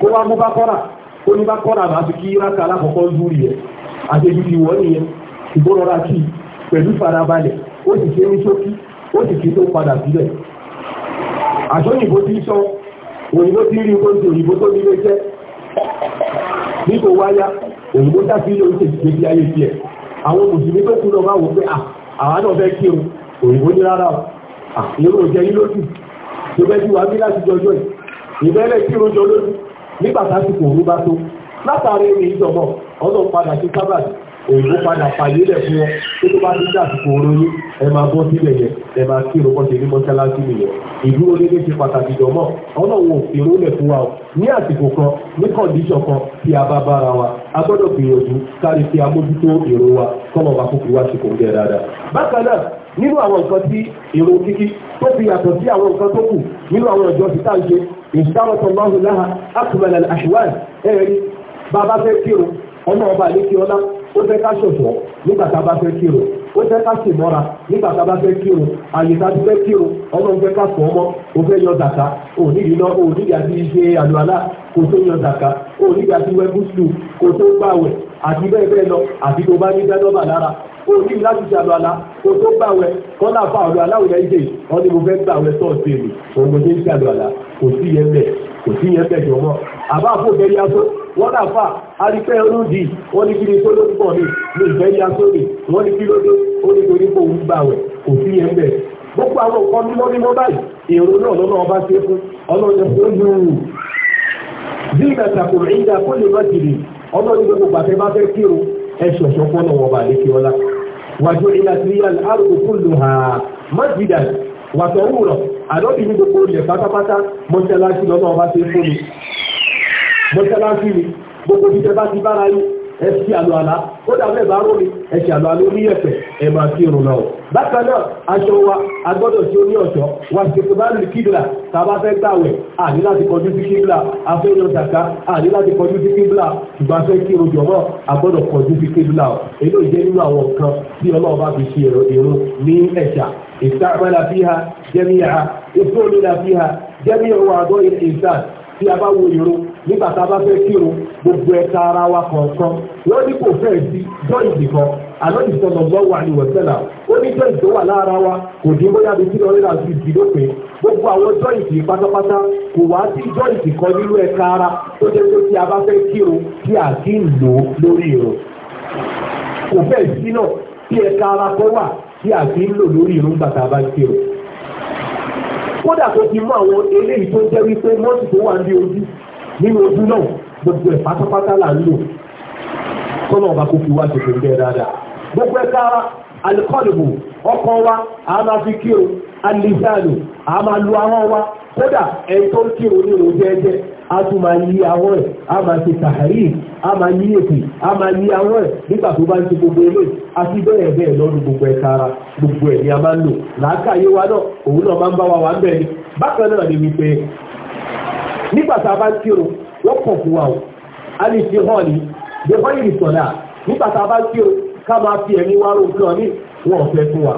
kó wá mú bá kọ́ra ó ní bá kọ́ra bá fi kí ráka alákọ̀ọ́kọ́ lúrí ẹ̀ àtẹ́jú ti wọ́n nìyẹn ìgbónara kí pẹ̀lú farabalẹ̀ ó sì ṣe ní ṣókí ó sì kí tó padà sílẹ̀ àṣọ́yìnbó ti sọ òyìnbó ti rí ipò tí òyìnbó tó nílé jẹ́ nípò wáyá òyìnbó dábí ló ń tètè bí ayé tiẹ̀ àwọn mùsùlùmí tó kú lọ bá wò pé à àwa náà fẹ́ kí o òyìnbó ní rárá o à èrò jẹ yín lójú tó fẹ́ wàá bí láti jọjọ́ ẹ̀ ìbẹ́lẹ̀ kí o jọ lójú nígbà tásìkò òru bá tó látàrí omi ìjọ̀bọ̀ ọlọ́run padà sí sábàdì òyìnbó padà fàyè lẹ̀ fún wọn tó tó bá ti dé àsìkò oró yín ẹ máa bọ́ sílẹ̀ yẹn ẹ máa kí irun bọ́sẹ̀ ní mọ́ṣáláṣí nìyẹn ìdúró dédé ṣe pàtàkì jọ̀mọ́ ọlọ́run òfin ló lẹ̀ fún wa o ní àsìkò kan ní kọ̀ǹdíṣọ̀ kan tí a bá bára wa a gbọ́dọ̀ gbìyànjú kárí fi amójútó èrò wa kọ́mọ̀ bá kókò wá ṣe kò ń gẹ̀ dáadáa bákan náà nínú àwọn nǹkan tí èrò kíkí tó fi yàtọ̀ sí àwọn nǹkan tó kù nínú àwọn ìjọ ìṣàrọ̀tọ̀ lọ́hùn láha ákùnbẹ̀lẹ̀ àṣìwáì ẹ̀rí bá bá fẹ́ kírun ọmọ ọba àlékí ọlá ó fẹ́ ká ṣọ̀ṣọ́ nígbà tá a bá fẹ́ kírun ó fẹ́ ká sì mọ́ra nígbà tá a bá fẹ́ kírun àyè tá a ti fẹ́ kírun ọlọ́run fẹ́ ká fọ́ ọmọ ó fẹ́ yọ dàka ònídìí náà ònídìí àti ṣe àlùalá kò tó yọ dàka ònídìí àti wẹ́ kò tó gbàwẹ̀ àti bẹ́ẹ̀ bẹ́ẹ̀ òní láti ṣàlọ́ àlá kò tó gbàwẹ̀ kọ́lá fa àlọ́ aláwọ̀ yẹn jẹ́ ọ ni mo fẹ́ gbàwẹ̀ sọ́ọ̀tì mi òun mo ṣe ń ṣàlọ́ àlá kò sí yẹn bẹ̀ kò sí yẹn bẹ̀ jọmọ́ àbá àpò bẹ́ẹ̀ yá wọ́n náà fà arípẹ́ olódì wọ́n ní kí ni tó ló pọ̀ ní ní ìfẹ́ yá wọ́n ní kí kò ń gbà wẹ̀ kò sí yẹn bẹ̀ gbogbo àwọn nǹkan mímọ́ mímọ́ báyìí èrò ọba ṣe fún tó lù ú bí ìgbàsàkò ìdá kó lè má jìrì ọlọ́run tó bá fẹ́ kí wàtọ̀ wùrọ̀ àdọ́bì ní gbogbo ilẹ̀ pátápátá mọ́ṣáláṣí lọ́nà ọba ṣe fún mi mọ́ṣáláṣí ni gbogbo jíjẹ bá ti bára yín ẹ ṣe àlọ́ àlá ó dàbẹ̀ bá rómi ẹ ṣe àlọ́ àlá orí ẹ̀fẹ̀ ẹ máa fi rùn náà bákan náà aṣọ wa a gbọ́dọ̀ ṣe oní ọ̀ṣọ́ wa ṣe tó bá lè kíbla tá a bá fẹ́ gbàwẹ̀ àní láti kọjú sí kíbla a fẹ́ àní láti kọjú sí kíbla ṣùgbọ́n fẹ́ kí irun jọ̀mọ́ a kọjú sí kíbla o èyí ló nínú àwọn nǹkan tí ọlọ́run fi ṣe èrò ní ẹ̀ṣà استعمل فيها جميعا استعمل فيها جميع أعضاء الإنسان tí a bá wo ìrun nígbà tá a bá fẹ́ kírun gbogbo ẹ̀ka ara wa kọ̀ọ̀kan wọ́n ní kò fẹ́ sí jọ́ìn nìkan àná ìsọ̀nà lọ́wọ́ àníwọ̀sẹ́là ó ní jọ́ìn tó wà lára wa kò dín bóyá bí kí lọ́rẹ́ náà ti di lópin gbogbo àwọn jọ́ìn kì pátápátá kò wá sí jọ́ìn kan nínú ẹ̀ka ara tó jẹ́ pé tí a bá fẹ́ kírun tí a kì í lò lórí ìrun kò fẹ́ sí náà tí ẹ̀ka ara kan wà tí a fi ń lò lórí irun bàtà bá ń kírun kódà tó ti mú àwọn eléyìí tó jẹ́ wípé mọ́tò tó wà ní ojú nínú ojú náà gbogbo ẹ̀ pátápátá là ń lò kọ́nà ọba kò fi wá ṣètò ń bẹ́ẹ̀ dáadáa gbogbo ẹ̀ka alikọ́lùbù ọkọ̀ wa a máa fi kírun alisanu a máa lu ahọ́n wa kódà ẹ̀ tó ń kírun nínú jẹ́ẹ́jẹ́ a tún máa yí awọ́ ẹ̀ a máa ṣe a máa yí èpè a máa yí awọ́ ẹ̀ nígbà tó bá ń ṣe gbogbo eré gbogbo ẹ̀ka ara gbogbo ẹ̀ ni a máa ń lò làákàyè wa náà òun náà máa ń bá wa wà ń ni bákan náà wípé nígbà tá a bá o a lè ṣe hàn ní nígbà a bá ń kírun ká máa fi ẹ̀mí wa rò nǹkan ní wọ́n fẹ́ fún wa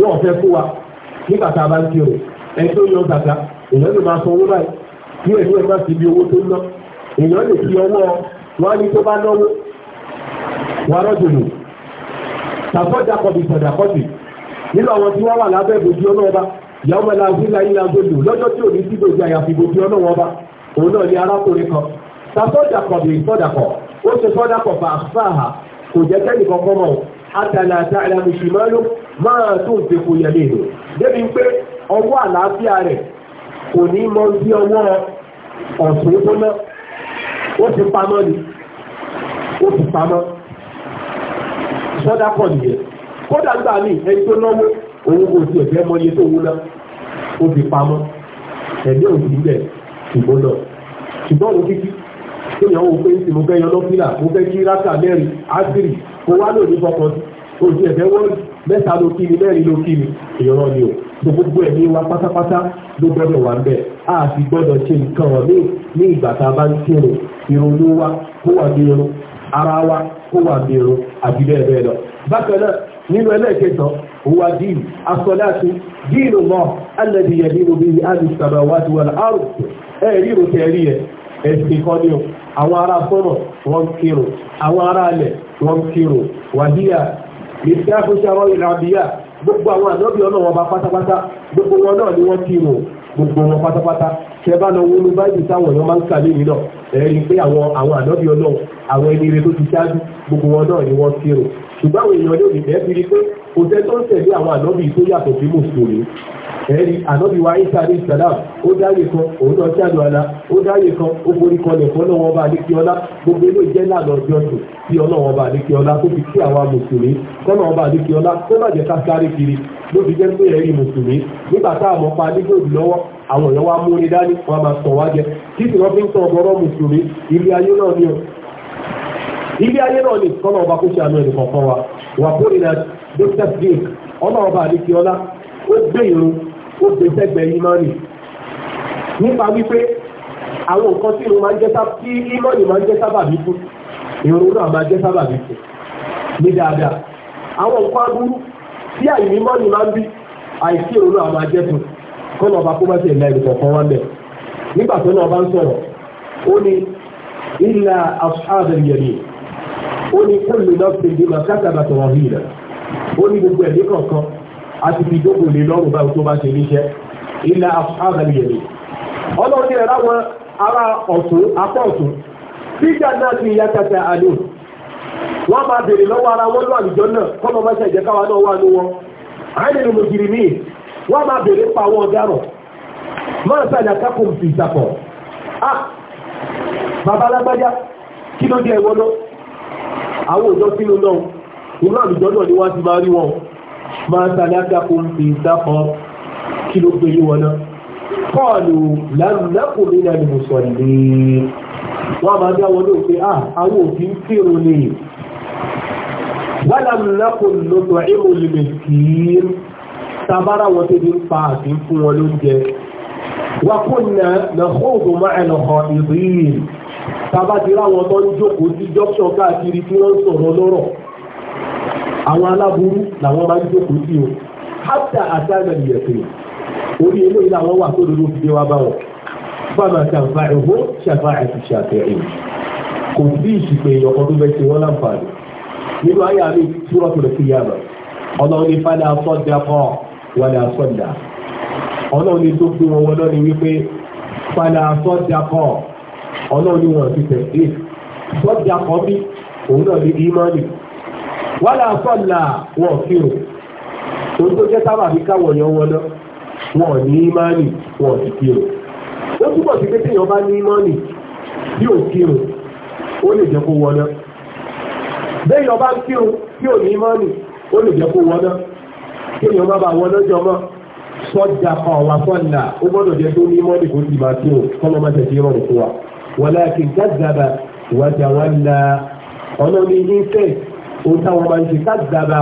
wọ́n fẹ́ fún èèyàn lè máa san owó báyìí bí ẹ̀dùn ẹ̀ bá ti bí owó tó ná èèyàn lè fi ọwọ́ wọn ní tó bá náwó wọn rọ́jò lò tàbọ́jà kọ̀bì sọ̀dà kọ́bì nínú àwọn tí wọ́n wà lábẹ́ ìbòjú ọlọ́ọba ìyàwó ẹ̀la ìlà ìlà gbòdò lọ́jọ́ tí ò ní sí gbòdì àyàfi ìbòjú ọlọ́ọba òun náà ní arákùnrin kan tàbọ́jà kọ̀bì sọ̀dà kọ̀ ó ṣe sọ́dà kọ̀ kò jẹ́ kẹ́nì kankan mọ̀ pé ọwọ́ àlàáfíà rẹ̀ kò ní mọ sí ọwọ́ ọ̀sùn tó náà ó ti pamọ́ ni ó ti pamọ́ sọ́dá pọ̀ nìyẹn kódà gbà mí ẹni tó náwó òun kò tiẹ̀ fẹ́ mọ iye tó wú náà ó ti pamọ́ ẹ̀mí òun ti bẹ̀ ṣùgbọ́n náà ṣùgbọ́n òun kíkí kéèyàn wò pé ń sì mo fẹ́ yan lọ́fílà mo fẹ́ kí rákà mẹ́rin ásírì mo wá lò fọkàn sí òun ti ẹ̀fẹ́ wọ́ọ̀dù mẹ́ta ló kí mi mẹ́rin ló kí mi èèyàn ni o tó gbogbo ẹ̀mí wa pátápátá ló gbọ́dọ̀ wà bẹ́ẹ̀ a sì gbọ́dọ̀ ṣe nǹkan ọ̀mí ní ìgbà tá a bá ń kírun ìrònú wa kó wà bí irun ara wa kó wà bí irun àbí bẹ́ẹ̀ bẹ́ẹ̀ lọ. bákan náà nínú ẹlẹ́ẹ̀kẹsàn huwa dín asọ́láṣí dín mọ́ alẹ́bí nínú bí alùsàmà wá ti wà láàrùn ẹ̀rí ìròkè rí ẹ̀ ẹ̀sìn kan ní o àwọn ará fọ́nà wọ́n kírun àwọn ará alẹ̀ wọ́n kírun wàdíyà lè fi ìlànà gbogbo àwọn ànábì ọlọ́run ọba pátápátá gbogbo wọn náà ni wọ́n ti rò gbogbo wọn pátápátá tẹ bá lọ wọnú báyìí táwọn èèyàn máa ń kà lẹ́yìn náà ẹ̀rí pé àwọn àwọn ànábì ọlọ́run àwọn ẹni rẹ tó ti ṣáájú gbogbo wọn náà ni wọ́n ti rò ṣùgbọ́n àwọn èèyàn lónìí bẹ́ẹ̀ fi rí pé kò tẹ́ tó ń tẹ̀lé àwọn ànábì tó yàtọ̀ sí mùsùlùmí ẹ̀rí ànábì wa isa ní salam ó dáyé kan òun náà ṣàlù ọ̀la ó dáyé kan ó borí kọlẹ̀ fún ọlọ́wọ́n bá adékí ọlá gbogbo ilé ìjẹ́ lànà ọjọ́sùn tí ọlọ́wọ́n bá adékí ọlá tó fi kí àwọn mùsùlùmí kọ́lọ́wọ́n bá adékí ọlá tó má jẹ́ ká sáré kiri ló fi jẹ́ pé ẹ̀rí mùsùlùmí nígbà tá a mọ̀ pa nígbòdì lọ́wọ́ àwọn èèyàn wa mú ní dání wọn máa sọ wá kí sì wọ́n fi ń tọ́ ọgọ́rọ́ mùsùlùmí ilé ayé náà ni ilé ayé náà ni kọ́nà ọba kó ṣe àánú ẹnì kọ̀ọ̀kan wa wà kó nínú dókítà sèk ọ̀nà ọba àdékè ọlá ó gbé irun ó gbé sẹ́gbẹ̀ẹ́ ìmọ̀nì nípa wípé àwọn nǹkan tí irun máa ń jẹ́ sábà tí ìmọ̀nì máa ń jẹ́ sábà bí fún irun náà máa jẹ́ sábà bí fún ní dáadáa àwọn nǹkan aburú tí àyè ìmọ̀nì máa ń bí àìsí irun náà máa jẹ́ fún kọ́nà ọba kó má ṣe ìlà ẹnì kọ̀ọ̀kan wa ń sọ̀rọ̀ ó ní kúlù náà ti di màkàtà bàtà wọ̀nyí rẹ̀ ó ní gbogbo ẹ̀mí kọ̀ọ̀kan a ti fi jókòó lé lọ́rùn báyìí tó bá ṣe níṣẹ́ ilẹ̀ àbẹ̀lẹ̀yẹ̀mí ọlọ́run ní ẹ̀rọ àwọn ará ọ̀tún apá ọ̀tún gbígbà náà ti ya kàtà àlè wọ́n máa béèrè lọ́wọ́ ara wọn lọ́wọ́ àlùjọ náà kọ́mọ bá ṣe ìjẹ́káwa náà wà ní wọn àìlèlè mòjìrì míì wọ́n máa béèrè pa àwọn ọ̀daràn máa sàlẹ̀ akápò ìsàpọ̀ ah babalágbájá kí ló dé ẹ̀wọ́ náà àwọn òjò sínú náà inú àlùjọ náà ni wọ́n ti máa rí wọn máa sáré àdàkù fi sáfọ́ kí ló gbé yín wọn náà kọ́ọ̀lù lánàkùn mi náà ni mo sọ ìlú wọ́n máa dá wọn lóòpé à ah, àwọn òbí ń kírun ni wàlámùnákùn lọ́tọ̀ ìmùlùmí kìí tabara wọn tó ti ń pa àti fún wọn lóúnjẹ wàkúnnà lọ́kọ́ ògùn máa ẹ̀ lọ́kọ́ ìrìn tábà ti ráwọn tó ń jókòó sí junction káàkiri tí wọ́n ń sọ̀rọ̀ lọ́rọ̀ àwọn aláburú làwọn máa ń jókòó sí o hátà àtàlẹ̀ ìyẹ̀pẹ̀ orí eléyìí làwọn wà tó lórí òfìdé wa bá wọn fáwọn àtàǹfà ẹ̀hó ṣàfà àti ṣàfẹ́ẹ̀ kò sí ìṣìpè èèyàn kan tó fẹ́ ṣe wọ́n láǹfààní nínú ayé àmì túrọ̀ tó lè fi yàmà ọlọ́run ní fádà sọ́dà kọ́ wàdà sọ́dà ọlọ́run ní tó fi wọn wọlọ́ ni ọlọ́run ní wọn ti tẹ̀lé sọ́jà kan bí òun náà ní ìmọ̀lì wọ́n là sọ́ọ̀là wọn kí o òun tó jẹ́ sábà bí káwọn èèyàn wọn náà wọn ò ní ìmọ̀lì wọn ti kí o ó túbọ̀ sí pé téèyàn bá ní ìmọ̀lì bí ò kí o ó lè jẹ́ kó wọná bẹ́ẹ̀ yọba ń kí o kí o ní ìmọ̀lì ó lè jẹ́ kó wọná kí èèyàn má bàa wọná jọmọ́ sọ́jà kan wà sọ́ọ̀là ó gbọ́dọ̀ jẹ́ tó ní ìmọ̀lì kó ti máa kí o kọ́lọ́ walakin kazaba wàjàwálà ọlọ́ni ìfẹ́ ohun táwọn máa ń ṣe kazaba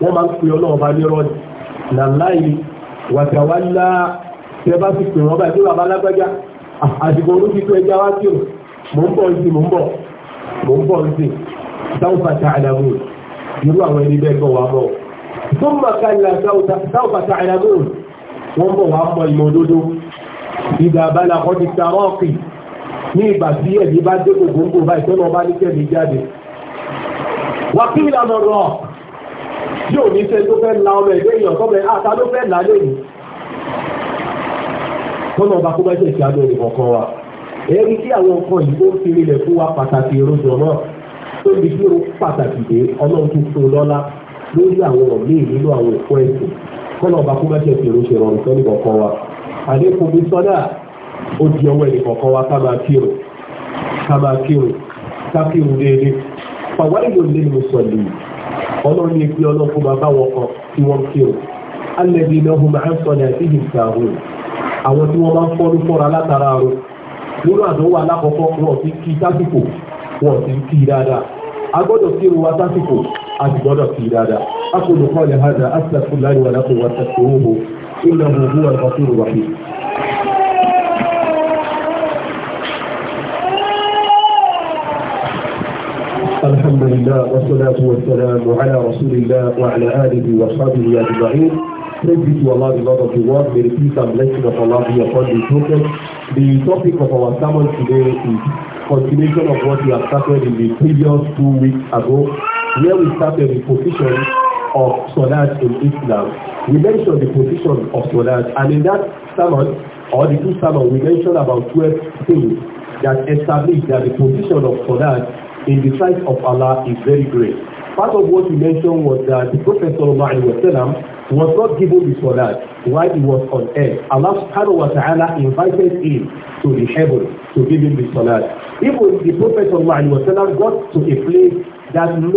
wọ́n máa ń pè ọlọ́ọ̀bá nírọ́ nàláì wàjàwálà tẹ bá ti pè wọ́n bá ìdí bàbá lágbájá àsìkò orú ti tó ẹja wá sí o mò ń bọ̀ ń sí mò ń bọ̀ mò ń bọ̀ ń sí sáwùfà tààdàmù irú àwọn ẹni bẹ́ẹ̀ bọ̀ wá bọ̀ tó mà kálá sáwùfà tààdàmù wọ́n bọ̀ wá mọ ìmọ̀ ìdàbálà kọ́ ti ní ìgbà tí ẹ̀mí bá dé gbogbo bá ìtọ́nà ọba ní kẹ́mi jáde. wà kí ìlànà rọ̀ tí ò ní sẹ́ tó fẹ́ la ọmọ ẹ̀dẹ́ èèyàn tó bẹ àtà ló fẹ́ là lẹ́nu. tọ́nà ọba kó bá ṣe ṣe àdó ìwọ̀n kan wa. ẹ̀rí kí àwọn nǹkan yìí ó fi rinlẹ̀ fún wa pàtàkì ìrojọ náà tó di kí o pàtàkì dé ọlọ́run tó fún un lọ́lá lórí àwọn ọ̀gbìn nínú àwọn òkú ẹ̀sìn kọ́nà ọba kó bá ṣe ṣe ìrojọ ó di ọwọ́ ẹni kọ̀ọ̀kan wa ká máa kírun ká máa kírun ká kírun déédéé pàwọ́ ìlú ilé ni mo sọ lèyí ọlọ́run ní pé ọlọ́run bàbá wọn kan tí wọ́n kírun alẹ́bí iná ọ̀hún máa ń sọ ní àti ìgbà òun àwọn tí wọ́n máa ń fọ́nú fọ́ra látara nínú àdánwò alákọ̀ọ́kọ́ wọn ti kí sásìkò wọn ti kí dáadáa a gbọ́dọ̀ kírun sásìkò a sì gbọ́dọ̀ kí الحمد لله والصلاة والسلام على رسول الله وعلى آله وصحبه أجمعين Praise be to Allah, the Lord of the world. May the peace and blessing of Allah be upon the The topic of our sermon today is continuation of what we have started in the previous two weeks ago, where we started the position of Salat in Islam. We mentioned the position of Salat, and in that sermon, or the two sermons, we mentioned about 12 things that establish that the position of Salat in the sight of Allah is very great. Part of what he mentioned was that the Prophet sallallahu wasallam was not given the salat while he was on earth. Allah subhanahu wa ta'ala invited him to the heaven to give him the salat. Even the Prophet sallallahu alaihi wasallam got to a place that no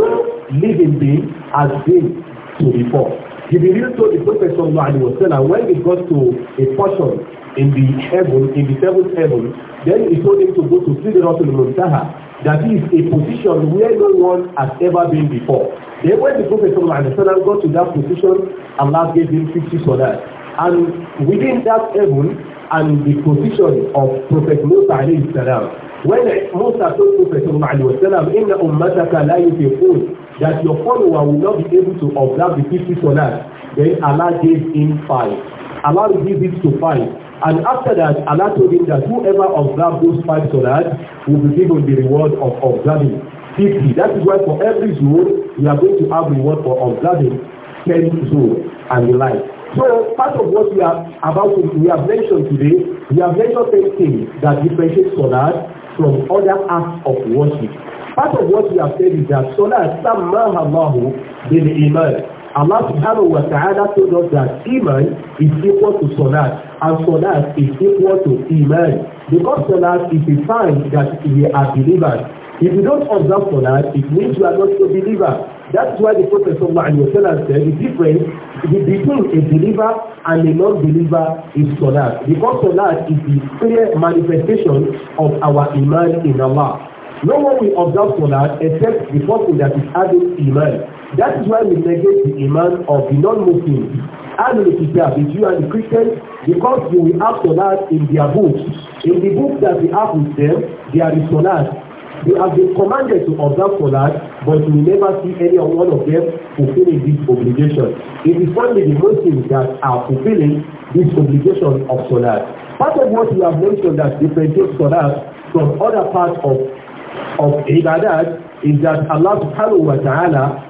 living being has been to before. He Jibril to the Prophet sallallahu wasallam when he got to a portion in the heaven, in the seventh heaven, then he told him to go to Sidratul Muntaha That is a position where no one has ever been before. Then when the Prophet Muhammad got to that position, Allah gave him 50 salat. And within that heaven and the position of Prophet Musa alayhi salam, when Musa told Prophet Muhammad inna ummataka la yutiqun that your follower will not be able to observe the 50 salat, then Allah gave him five. Allah gives it to five. And after that, Allah told him that whoever observes those five salat will be given the reward of observing 50. That is why for every zuhur, we are going to have reward for observing 10 zuhur and the like. So part of what we are about to, we have mentioned today, we have mentioned 10 things that differentiate salat from other acts of worship. Part of what we have said is that salat sammaha Allahu bil iman. Allah subhanahu wa ta'ala told us that iman is equal to salat and salat is equal to iman because salat is a sign that we are believers if you don't observe salat it means you are not a believer That's why the prophet sallallahu alaihi wasallam said the difference between a believer and a non-believer is salat because salat is the clear manifestation of our iman in Allah no one will observe salat except the person that is having iman that is why we negate the iman of the non muslim Ahlul Kitab, the Jew and the Christians, because they will have solar in their books. In the books that we have with them, there is solar. They have been commanded to observe solar, but you will never see any one of them fulfilling this obligation. It is only the Muslims that are fulfilling this obligation of solar. Part of what you have mentioned that differentiates solar from other parts of of Ibadat is that Allah subhanahu wa ta'ala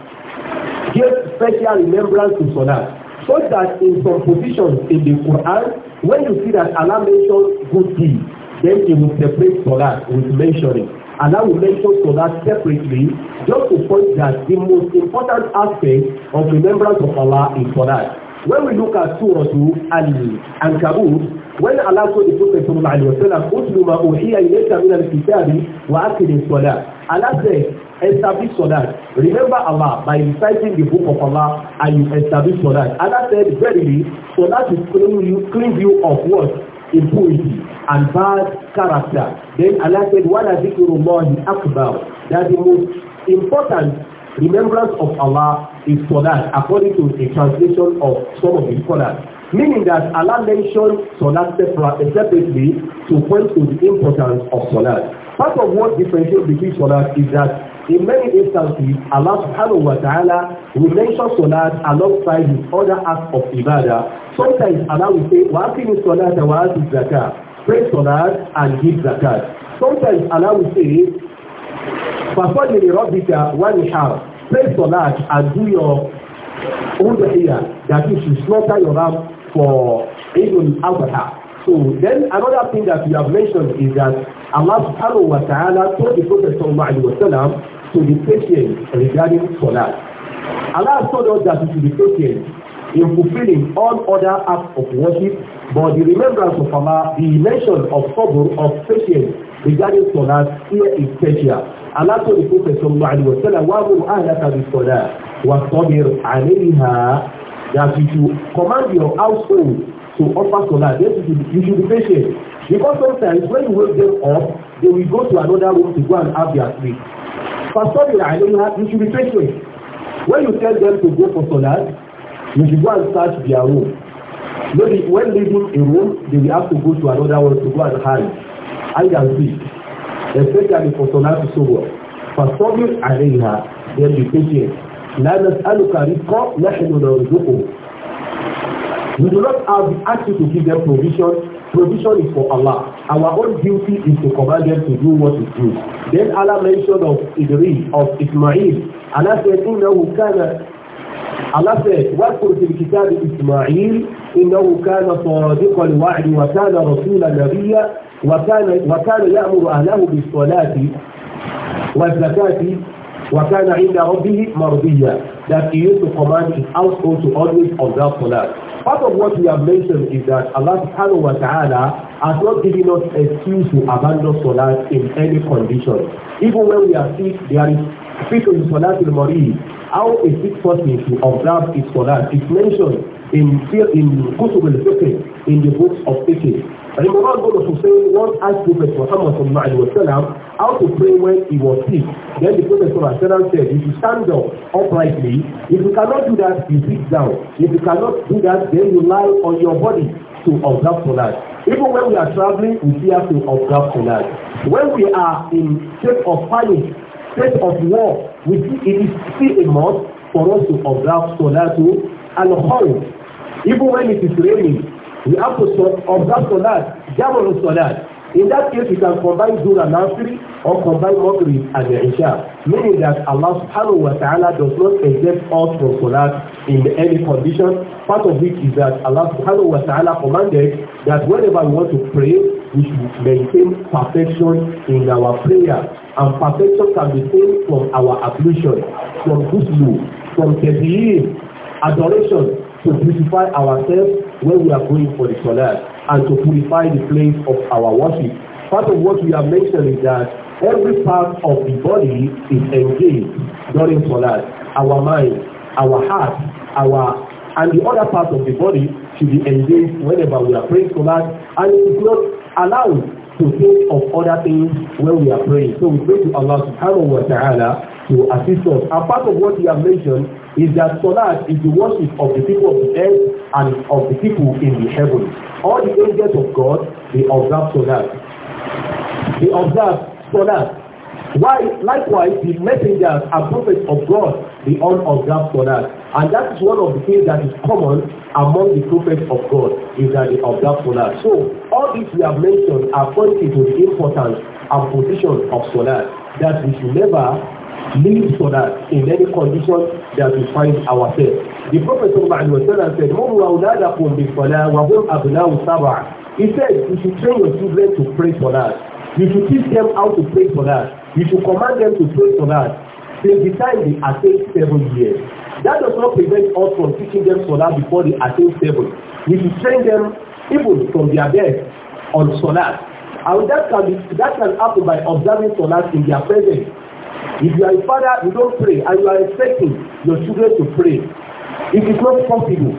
gives special remembrance to solar so that in some positions in the Quran when you see that Allah mentions good deeds then he will separate Salat with mentioning Allah will mention Salat separately just to point that the most important aspect of remembrance of Allah is Salat when we look at Surah and ankabut When Allah told the Prophet sallallahu alayhi wa sallam, "Utlu ma uhiya ilayka min al-kitabi wa aqim as-salat." Allah said, "Establish salat. Remember Allah by reciting the book of Allah and you establish salat." Allah said, "Verily, salat is cleanse you, cleanse you of what? Impurity and bad character." Then Allah said, "Wala dhikrullahi akbar." That the most important remembrance of Allah is salat, according to the translation of some of the scholars meaning that Allah mentioned Salat separately to point to the importance of Salat. Part of what differentiates between Salat is that in many instances, Allah subhanahu wa ta'ala will mention Salat alongside his other acts of Ibadah. Sometimes Allah will say, وَأَقِمِ الصَّلَاةَ وَآتِ Zakat, Pray Salat and give Zakat. Sometimes Allah will say, فَصَلِّ لِرَبِّكَ وَانْحَرْ Pray Salat and do your udhiya, that is, you slaughter your ram for Eid al-Adha. So then another thing that we have mentioned is that Allah subhanahu wa ta'ala told the Prophet sallallahu alayhi wa sallam to be patient regarding Salat. Allah told us that we should be patient in fulfilling all other acts of worship, but the remembrance of Allah, the mention of sabr, of patience regarding Salat here is special. Allah told the Prophet sallallahu alayhi wa sallam, وَأَمُرْ أَهْلَكَ بِالصَّلَاةِ وَاصْطَبِرْ عَلَيْهَا that if you command your household to offer solar then you should you should be patient because sometimes when you wake them up they will go to another room to go and have their sleep pastor I know you have you should be patient when you tell them to go for solar you should go and search their room maybe when leaving a room they will have to go to another one to go and hide hide and seek especially for solar to sober pastor I know you have them be patient لا نسألك رزقا نحن نرزقه We do not have the to give them provision. Provision is for Allah. Our own duty is to command them to do what is good. Then Allah mentioned of Idris, of Ismail. Allah said, إِنَّهُ كَانَ Allah said, واذكر في الكتاب إسماعيل إنه كان صادق الوعد وكان رسولا نبيا وكان وكان يأمر أهله بالصلاة وكان عند ربه مرضيا that he used to command his household to always observe salat. Part of what we have mentioned is that Allah subhanahu wa ta'ala has not given us excuse to abandon salat in any condition. Even when we are sick, there is fiqh in salat al-marid. How a sick person to observe his salat is mentioned in in kutub al-fiqh in the books of fiqh. And Imam Abu Hussein once asked Prophet Muhammad sallallahu alaihi wasallam how to pray when he was sick. Then the Prophet Sallallahu said, if you stand up uprightly, if you cannot do that, you sit down. If you cannot do that, then you lie on your body to observe Salat. Even when we are traveling, we still have to observe Salat. When we are in state of panic, state of war, we see it is still a must for us to observe Salatu And khawf Even when it is raining, we have to observe Salat, Jamal Salat. In that case, we can combine Zuhr and Asri or combine Maghrib and Isha, meaning that Allah subhanahu wa ta'ala does not exempt us from Salat in any condition. Part of which is that Allah subhanahu wa ta'ala commanded that whenever we want to pray, we should maintain perfection in our prayer. And perfection can be seen from our ablution, from ghusl, from tadhiyeen, adoration, to purify ourselves when we are going for the salah and to purify the place of our worship. Part of what we have mentioned is that every part of the body is engaged during salah. Our mind, our heart, our and the other part of the body should be engaged whenever we are praying salah and it is not allowed to think of other things when we are praying. So we pray to Allah subhanahu wa ta'ala to assist us. And part of what we have mentioned is that Salat is the worship of the people of the earth and of the people in the heaven. All the angels of God, they observe Salat. They observe Salat. Why, likewise, the messengers and prophets of God, they all observe Salat. And that is one of the things that is common among the prophets of God, is that they observe Salat. So, all these we have mentioned are pointing to the importance and position of Salat, that we should never linked for that in any condition that we find ourselves. The Prophet said, Mum awladakum bi salah wa hum abna'u sab'a. He said, you should train your children to pray for that. You should teach them how to pray for that. You should command them to pray for that. Since the time they attain seven years. That does not prevent us from teaching them Salah before they attain seven. We should train them even from their death on Salah. And that can be, that can happen by observing Salah in their presence If you are a father, you don't pray, and you are expecting your children to pray. It is not possible.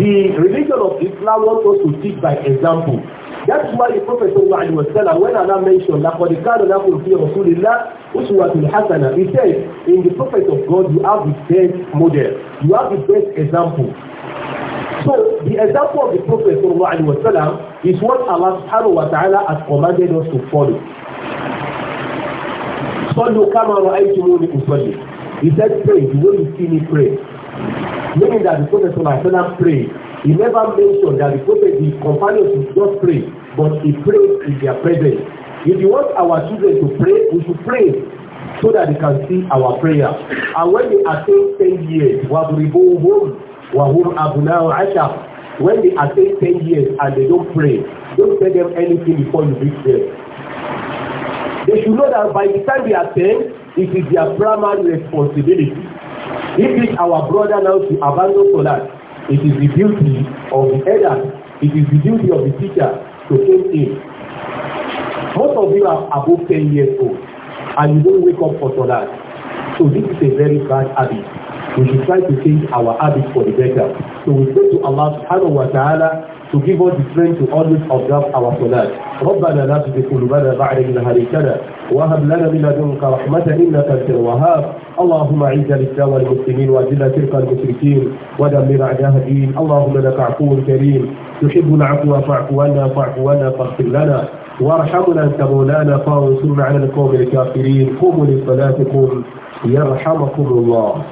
The religion of Islam wants us to teach by example. That is why the Prophet sallallahu alaihi wasallam, when Allah mentioned, that لَقَدْ كَانَ لَكُمْ فِي رَسُولِ اللَّهِ أُسْوَةٌ حَسَنَةٌ He said, in the Prophet of God, you have the best model. You have the best example. So the example of the Prophet sallallahu alaihi wasallam is what Allah subhanahu wa ta'ala has commanded us to follow. Follow Kamaru Aichimuni in Sunday. He said, pray the way you see me pray. Meaning that the Prophet Sallallahu pray. He never mentioned that the Prophet, the companions to not pray, but he prayed in their presence. If you want our children to pray, we should pray so that they can see our prayer. And when they attain ten years, وَضْرِبُوهُمْ وَهُمْ أَبْنَاءُ عَشَرٍ When they attain ten years and they don't pray, don't tell them anything before you reach there. They should know that by the time they attend, it is their primary responsibility. If it's our brother now to abandon Salat, it is the duty of the elder, it is the duty of the teacher to take in. Most of you are above ten years old and you don't wake up for Salat. So this is a very bad habit. We should try to change our habit for the better. So we pray to Allah subhanahu wa ta'ala to give us the strength to always observe our salat. ربنا لا تزغ قلوبنا بعد إذ هديتنا وهب لنا من لدنك رحمة إنك أنت الوهاب اللهم أعز الإسلام والمسلمين وأذل تلك المشركين ودمر أعداء الدين اللهم لك عفو كريم تحب العفو فاعف عنا فاعف عنا فاغفر لنا وارحمنا أنت مولانا فانصرنا على القوم الكافرين قوموا لصلاتكم يرحمكم الله